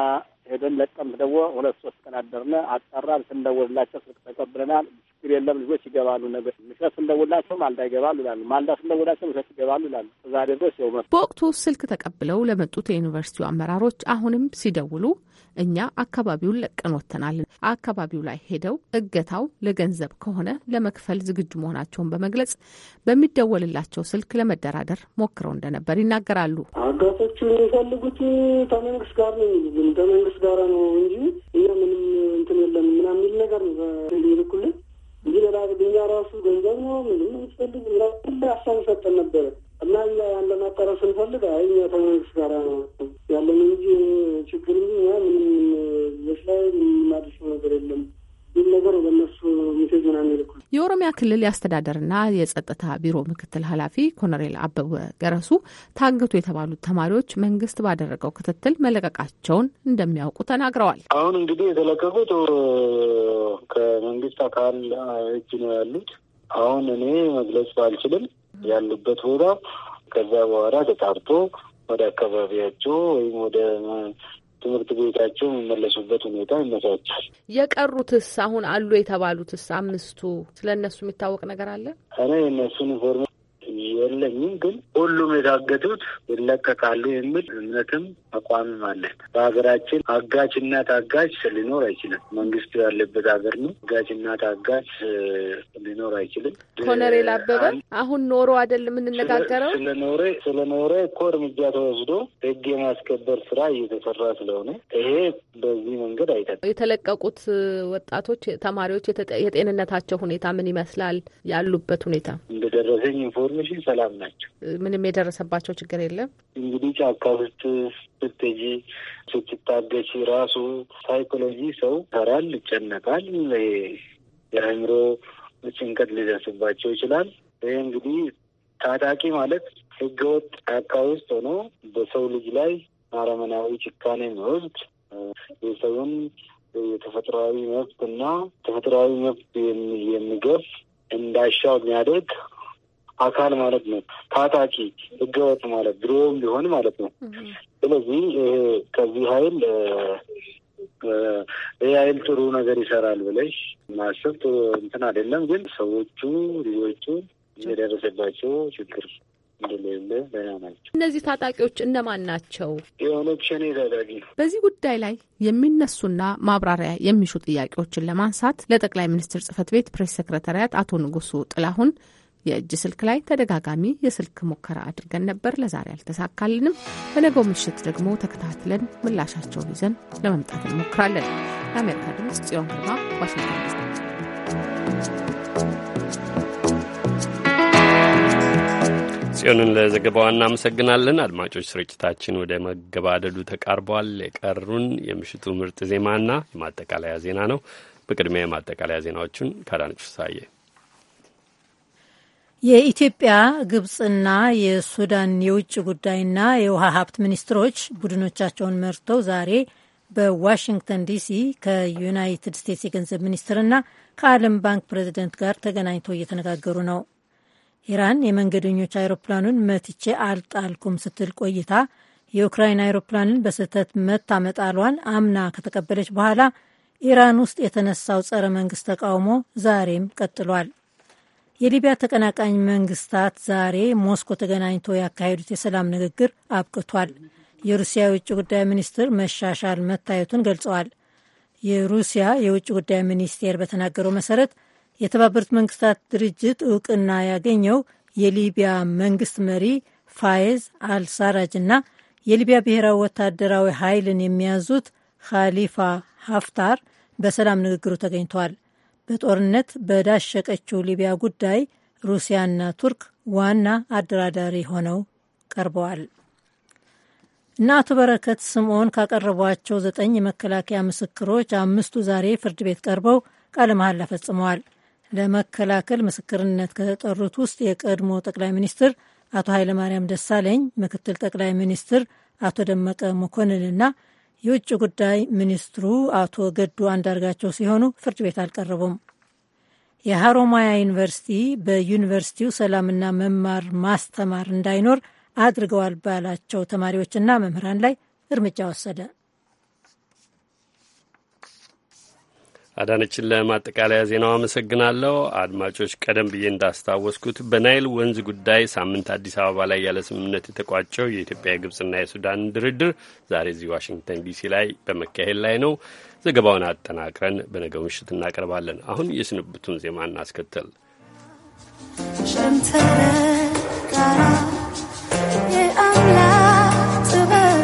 ሄደን ለቀምት ደግሞ ሁለት ሶስት ቀን አደርነ። አጣራን፣ ስንደወልላቸው ስልክ ተቀብለናል። ችግር የለም ልጆች ይገባሉ። ነገር ምሽት ስንደውላቸው ማልዳ ይገባሉ ይላሉ። ማልዳ ስንደውላቸው ምሽት ይገባሉ ይላሉ። እዛ ድረስ ው በወቅቱ ስልክ ተቀብለው ለመጡት የዩኒቨርሲቲው አመራሮች አሁንም ሲደውሉ እኛ አካባቢውን ለቀን ወጥተናል። አካባቢው ላይ ሄደው እገታው ለገንዘብ ከሆነ ለመክፈል ዝግጁ መሆናቸውን በመግለጽ በሚደወልላቸው ስልክ ለመደራደር ሞክረው እንደነበር ይናገራሉ። አጋቶቹ የሚፈልጉት ከመንግስት ጋር ነው ከመንግስት ጋር ነው እንጂ እኛ ምንም እንትን የለም ምናምን የሚል ነገር ነው ይልኩልን እንጂ ሌላ ለኛ ራሱ ገንዘብ ነው ምንም ምትፈልግ ሁሉ ሀሳብ ይሰጠን ነበረ እና እኛ ያን ለማጣረፍ ስንፈልግ አይ እኛ ከመንግስት ጋር ያለን እንጂ ችግር እንጂ ምንም በስ ላይ ምንም አዲስ ነገር የለም ነገር ወደ እነሱ ሚሴጅ ሚልኩ የኦሮሚያ ክልል የአስተዳደርና የጸጥታ ቢሮ ምክትል ኃላፊ ኮሎኔል አበበ ገረሱ ታገቱ የተባሉት ተማሪዎች መንግስት ባደረገው ክትትል መለቀቃቸውን እንደሚያውቁ ተናግረዋል። አሁን እንግዲህ የተለቀቁት ከመንግስት አካል እጅ ነው ያሉት። አሁን እኔ መግለጽ ባልችልም ያሉበት ቦታ ከዛ በኋላ ተጣርቶ ወደ አካባቢያቸው ወይም ወደ ትምህርት ቤታቸው የሚመለሱበት ሁኔታ ይመቻቻል። የቀሩትስ አሁን አሉ የተባሉትስ አምስቱ ስለ እነሱ የሚታወቅ ነገር አለ? እኔ የእነሱን ኢንፎርሜ የለኝም፣ ግን ሁሉም የታገቱት ይለቀቃሉ የሚል እምነትም አቋምም አለን። በሀገራችን አጋች ታጋች ሊኖር አይችልም። መንግስቱ ያለበት ሀገር ነው። አጋችና ታጋች ሊኖር አይችልም። ኮሎኔል አበበ አሁን ኖሮ አይደል የምንነጋገረው ስለኖረ ስለኖረ እኮ እርምጃ ተወስዶ ህግ የማስከበር ስራ እየተሰራ ስለሆነ ይሄ በዚህ መንገድ አይተን የተለቀቁት ወጣቶች ተማሪዎች የጤንነታቸው ሁኔታ ምን ይመስላል? ያሉበት ሁኔታ እንደደረሰኝ ኢንፎርሜሽን ሰላም ናቸው። ምንም የደረሰባቸው ችግር የለም። እንግዲህ ጫካ ውስጥ ስትጂ ስትታገች ራሱ ሳይኮሎጂ ሰው ሰራል፣ ይጨነቃል፣ የአእምሮ ጭንቀት ሊደርስባቸው ይችላል። ይህ እንግዲህ ታጣቂ ማለት ህገወጥ ጫካ ውስጥ ሆኖ በሰው ልጅ ላይ አረመናዊ ጭካኔ የሚወስድ ቤተሰብን የተፈጥሯዊ መብት እና ተፈጥሯዊ መብት የሚገፍ እንዳሻው የሚያደርግ አካል ማለት ነው። ታጣቂ ህገወጥ ማለት ድሮም ቢሆን ማለት ነው። ስለዚህ ይሄ ከዚህ ሀይል ይህ ሀይል ጥሩ ነገር ይሰራል ብለሽ ማሰብ እንትን አይደለም። ግን ሰዎቹ ልጆቹ የደረሰባቸው ችግር እንደሌለ ደህና ናቸው። እነዚህ ታጣቂዎች እነማን ናቸው? የኦነግ ሸኔ ታጣቂ። በዚህ ጉዳይ ላይ የሚነሱና ማብራሪያ የሚሹ ጥያቄዎችን ለማንሳት ለጠቅላይ ሚኒስትር ጽህፈት ቤት ፕሬስ ሰክረታሪያት አቶ ንጉሱ ጥላሁን የእጅ ስልክ ላይ ተደጋጋሚ የስልክ ሙከራ አድርገን ነበር። ለዛሬ አልተሳካልንም። በነገው ምሽት ደግሞ ተከታትለን ምላሻቸውን ይዘን ለመምጣት እንሞክራለን። ለአሜሪካ ድምጽ ጽዮን ግርማ ዋሽንግተን ጽዮንን ለዘገባዋ እናመሰግናለን። አድማጮች ስርጭታችን ወደ መገባደዱ ተቃርቧል። የቀሩን የምሽቱ ምርጥ ዜማና የማጠቃለያ ዜና ነው። በቅድሚያ የማጠቃለያ ዜናዎቹን ከአዳነች ሳየ። የኢትዮጵያ ግብፅና የሱዳን የውጭ ጉዳይና የውሃ ሀብት ሚኒስትሮች ቡድኖቻቸውን መርተው ዛሬ በዋሽንግተን ዲሲ ከዩናይትድ ስቴትስ የገንዘብ ሚኒስትርና ከዓለም ባንክ ፕሬዚደንት ጋር ተገናኝተው እየተነጋገሩ ነው። ኢራን የመንገደኞች አይሮፕላኑን መትቼ አልጣልኩም ስትል ቆይታ የዩክራይን አይሮፕላንን በስህተት መታ መጣሏን አምና ከተቀበለች በኋላ ኢራን ውስጥ የተነሳው ጸረ መንግስት ተቃውሞ ዛሬም ቀጥሏል። የሊቢያ ተቀናቃኝ መንግስታት ዛሬ ሞስኮ ተገናኝቶ ያካሄዱት የሰላም ንግግር አብቅቷል። የሩሲያ የውጭ ጉዳይ ሚኒስትር መሻሻል መታየቱን ገልጸዋል። የሩሲያ የውጭ ጉዳይ ሚኒስቴር በተናገረው መሰረት የተባበሩት መንግስታት ድርጅት እውቅና ያገኘው የሊቢያ መንግስት መሪ ፋይዝ አልሳራጅ እና የሊቢያ ብሔራዊ ወታደራዊ ኃይልን የሚያዙት ካሊፋ ሀፍታር በሰላም ንግግሩ ተገኝተዋል። በጦርነት በዳሸቀችው ሊቢያ ጉዳይ ሩሲያና ቱርክ ዋና አደራዳሪ ሆነው ቀርበዋል እና አቶ በረከት ስምዖን ካቀረቧቸው ዘጠኝ የመከላከያ ምስክሮች አምስቱ ዛሬ ፍርድ ቤት ቀርበው ቃለ መሐላ ፈጽመዋል። ለመከላከል ምስክርነት ከተጠሩት ውስጥ የቀድሞ ጠቅላይ ሚኒስትር አቶ ኃይለማርያም ደሳለኝ፣ ምክትል ጠቅላይ ሚኒስትር አቶ ደመቀ መኮንንና የውጭ ጉዳይ ሚኒስትሩ አቶ ገዱ አንዳርጋቸው ሲሆኑ ፍርድ ቤት አልቀረቡም። የሀሮማያ ዩኒቨርሲቲ በዩኒቨርሲቲው ሰላምና መማር ማስተማር እንዳይኖር አድርገዋል ባላቸው ተማሪዎችና መምህራን ላይ እርምጃ ወሰደ። አዳነችን ለማጠቃለያ ዜናው አመሰግናለሁ። አድማጮች፣ ቀደም ብዬ እንዳስታወስኩት በናይል ወንዝ ጉዳይ ሳምንት አዲስ አበባ ላይ ያለ ስምምነት የተቋጨው የኢትዮጵያ የግብጽና የሱዳን ድርድር ዛሬ እዚህ ዋሽንግተን ዲሲ ላይ በመካሄድ ላይ ነው። ዘገባውን አጠናቅረን በነገው ምሽት እናቀርባለን። አሁን የስንብቱን ዜማ እናስከተል። የአምላ ጥበብ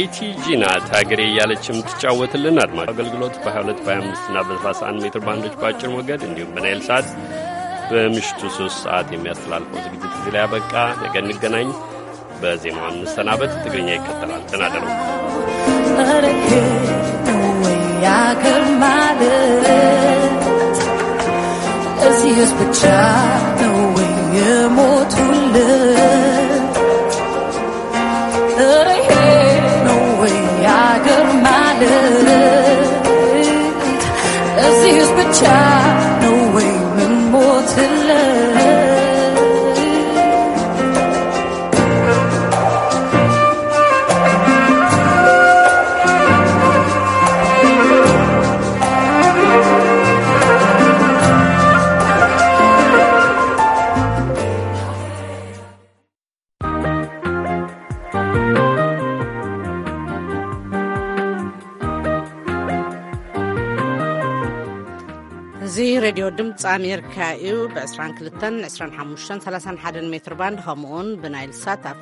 ቤቲ ጂናት ሀገሬ እያለች የምትጫወትልን አድማጭ አገልግሎት በ22 በ25 እና በ31 ሜትር ባንዶች በአጭር ሞገድ እንዲሁም በናይል ሰዓት በምሽቱ 3 ሰዓት የሚያስተላልፈው ዝግጅት እዚህ ላይ ያበቃ። ነገ እንገናኝ። በዜማዋ እንሰናበት። ትግርኛ ይከተላል። ተናደሩ እዚህ ብቻ tchau. ኣሜርካ እዩ ብ2ራ 2 2ሓሙ 3 1 ሜትርባንድ ከምኡኡን ብናይ ልሳት